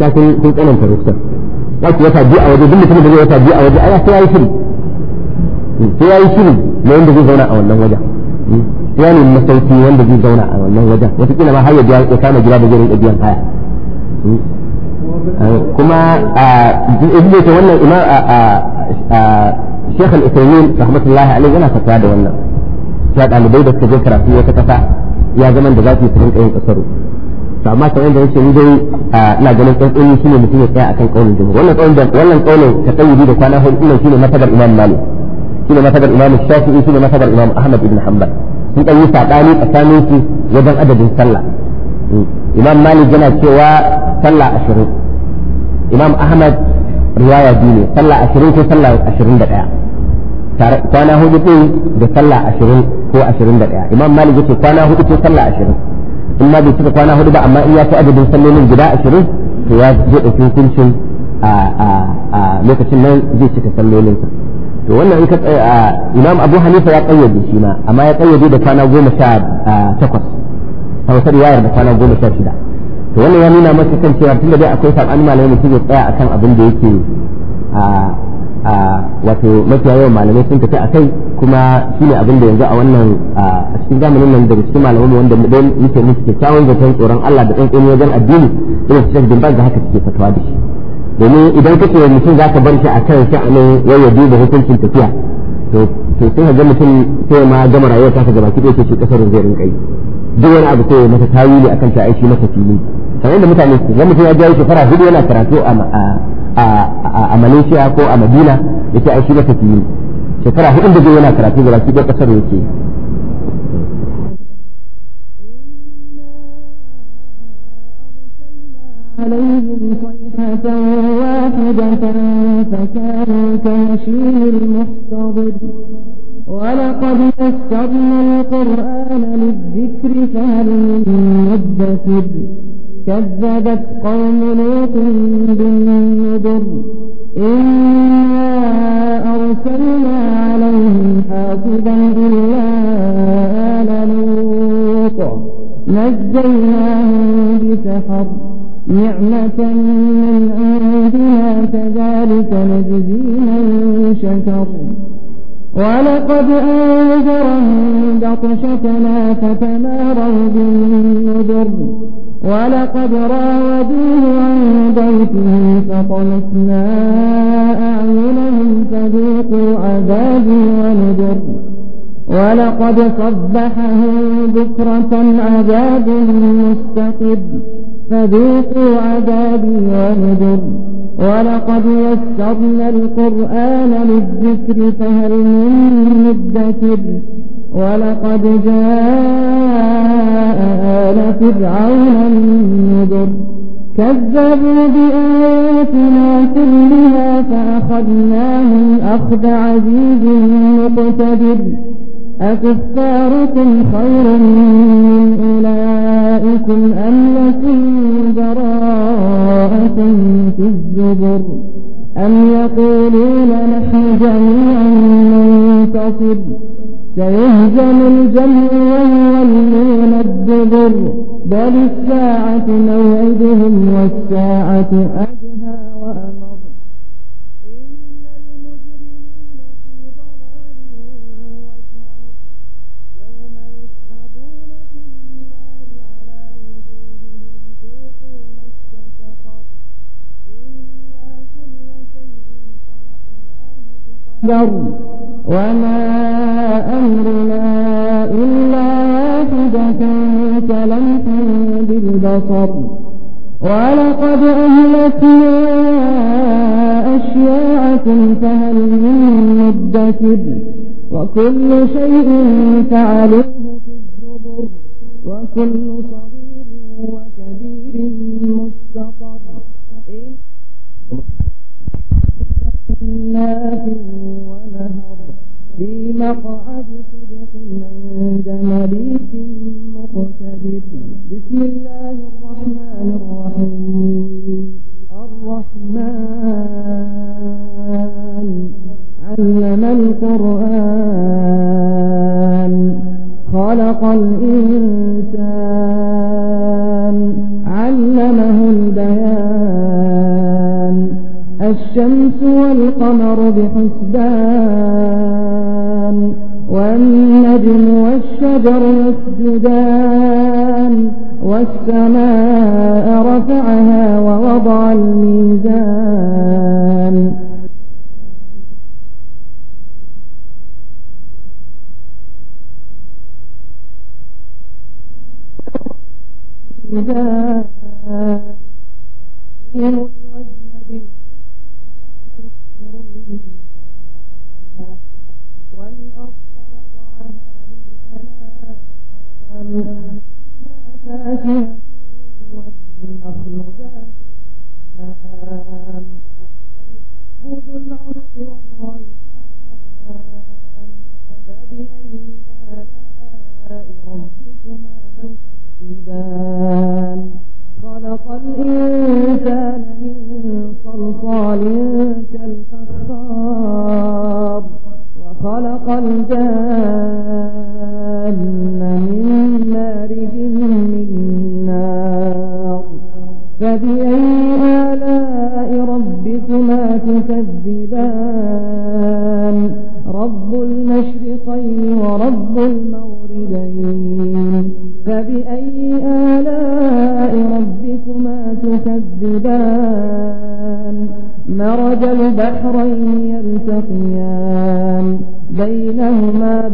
A: gaskiya kun kun tsananta rukar za ku wata biyu a waje duk mutumin da zai wata biyu a waje ai sai yayi shiri sai yayi shiri na yanda zai zauna a wannan wajen sai ya nemi masauki wanda zai zauna a wannan wajen wataƙila ma har ya ya kama gida da zai rinƙa biyan haya eh, kuma ibnu ta wannan imam Sheikh Al-Uthaymeen rahmatullahi alaihi yana fata da wannan ya ɗalibai da suka je karatu wata ƙasa ya zaman da za su yi rinƙa yin tsaro to amma kamar yadda yake ni dai ina ganin tsantsani shine mutum ya tsaya akan kaulin jumhur wannan kaulin da wannan kaulin ta tayyidi da kwana hudu ina shine matabar imam malik shine matabar imam shafi'i shine matabar imam ahmad ibn hanbal sun dan yi sabani tsakanin su wajen adadin sallah hmm. imam malik yana cewa sallah ashirin imam ahmad riwaya biyu ne sallah ashirin ko sallah ashirin da ɗaya kwana hudu ɗin da sallah ashirin ko ashirin da ɗaya imam malik yake kwana hudu ko sallah ashirin in ma bai cika kwana hudu ba amma in ya fi adadin sallolin guda ashirin to ya je da hukuncin a lokacin nan zai cika sa to wannan in ka imam abu hanifa ya kayyade shi ma amma ya kayyade da kwana goma sha takwas a ya yarda da kwana goma sha shida to wannan ya nuna masa kan cewa tunda dai akwai sabani malamai mutum ya tsaya akan abin da yake a wato mafiya yawan malamai sun tafi a kai kuma shi ne abin da yanzu a wannan a cikin zamanin nan daga cikin malamai wanda dai muke musu kyakkyawan zaton tsoron Allah da tsantsan wajen addini irin su shakdin ban da haka suke fatawa da shi domin idan kace mutum za ka bar shi a akan sha'anin yau ya duba hukuncin tafiya to to sai ga mutum sai ma gama rayuwar ta gaba kike ce shi kasar zai rinka yi duk wani abu sai mata tawili akan ta aishi mata fili kamar yadda mutane su ga mutum ya ji shekara hudu yana karatu a a malaysia ko a madina yake ce ai shi matafi ne shekara hudu da yana karatu da baki ɗaya ƙasar yake
C: ولقد يسرنا القرآن للذكر فهل من مدكر كذبت قوم لوط بالنذر إنا أرسلنا عليهم حافظا إلا آل لوط نجيناهم بسحر نعمة من عندنا كذلك نجزي من شكر ولقد أنذرهم بطشتنا فتماروا بالنذر ولقد راودوه عن بيته فطمسنا أعينهم فذوقوا عذابي ونذر ولقد صبحهم بكرة عذاب مستقر فذوقوا عذابي ونذر ولقد يسرنا القرآن للذكر فهل من مدكر ولقد جاء آل فرعون النذر كذبوا بآياتنا كلها فأخذناهم أخذ عزيز مقتدر أكفاركم خير من أولئكم أم لكم براءة في الزبر أم يقولون نحن جميعا منتصر سيهزم الجمع ويولون الدبر بل الساعة موعدهم والساعة أدهى وأمر إن المجرمين في ضلال وسعر يوم يسحبون في النار على وجوههم ذوقوا مس سقر
A: إنا كل شيء خلقناه بقدر وما
C: أمرنا إلا واحدة كلمح بالبصر ولقد أهلكنا أشياءكم فهل من مدكر وكل شيء فعلوه في الزبر وكل صغير وكبير مستقر إنا في في مقعد صدق عند مليك مقتدر بسم الله الرحمن الرحيم الرحمن علم القرآن خلق الإنسان علمه البيان الشمس والقمر بحسبان والنجم والشجر يسجدان والسماء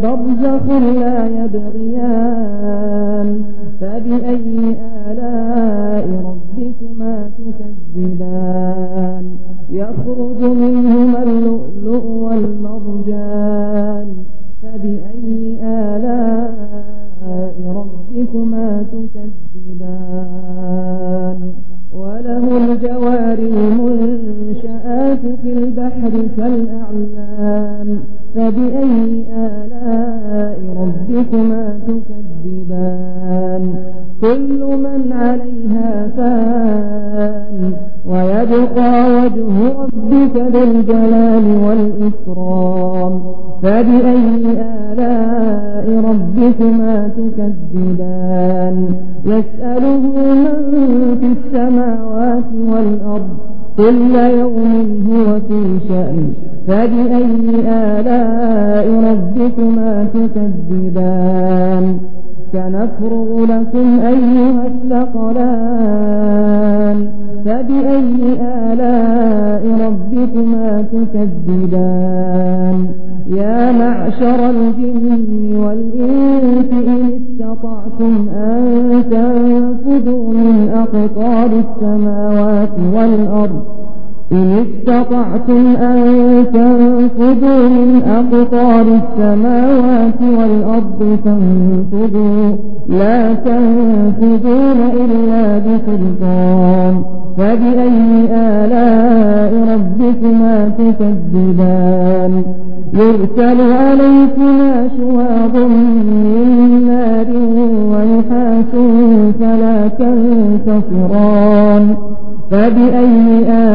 C: برزخ لا يبغيان فبأي آلاء ربكما تكذبان يخرج منه فبأي آلاء ربكما تكذبان يسأله من في السماوات والأرض كل يوم هو في شأن فبأي استطعتم أن تنفذوا من أقطار السماوات والأرض فانفذوا لا تنفذون إلا بسلطان فبأي آلاء ربكما تكذبان يرسل عليكما شواظ من نار ونحاس فلا تنتصران فبأي آلاء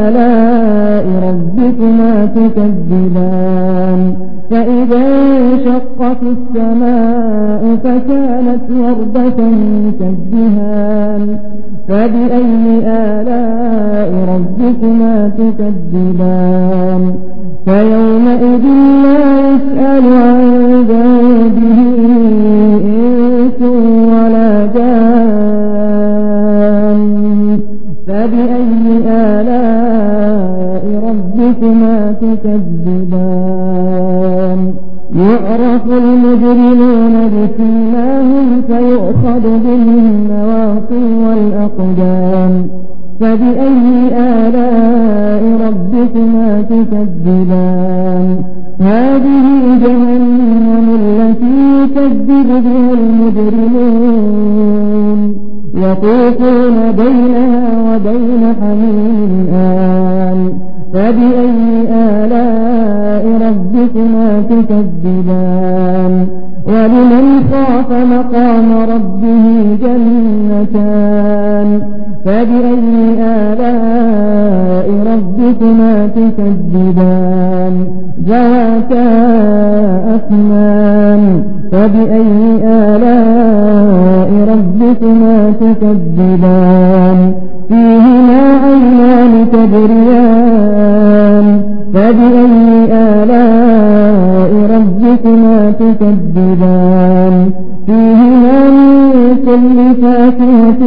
C: ربكما تكذبان فإذا انشقت السماء فكانت وردة كالدهان فبأي آلاء ربكما تكذبان فيومئذ لا يسأل عن ذنبه إنس ولا جان فبأي آلاء ربكما تكذبان يعرف المجرمون بسيماهم فيؤخذ بالنواصي والأقدام فبأي آلاء ربكما تكذبان هذه جهنم التي يكذب بها المجرمون يطوفون بينها وبين حميم آل فبأي آلاء ربكما تكذبان ولمن خاف مقام ربه جنتان فبأي آلاء ربكما تكذبان ذواتا أثمان فبأي آلاء ربكما تكذبان فيهما عينان تجريان فبأي آلاء ربكما تكذبان فيهما من كل فاكهة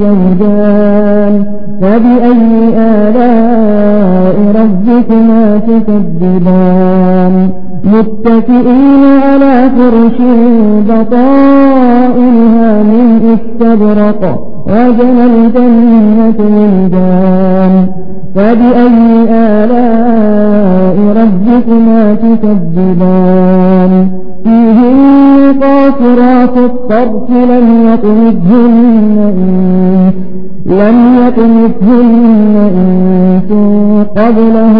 C: زوجان فبأي آلاء ربكما تكذبان متكئين على فرش بطائنها من استبرق وجنى الجنة من دان فبأي الصرف لم يطمثهن إنس لم يطمثهن إنس قبله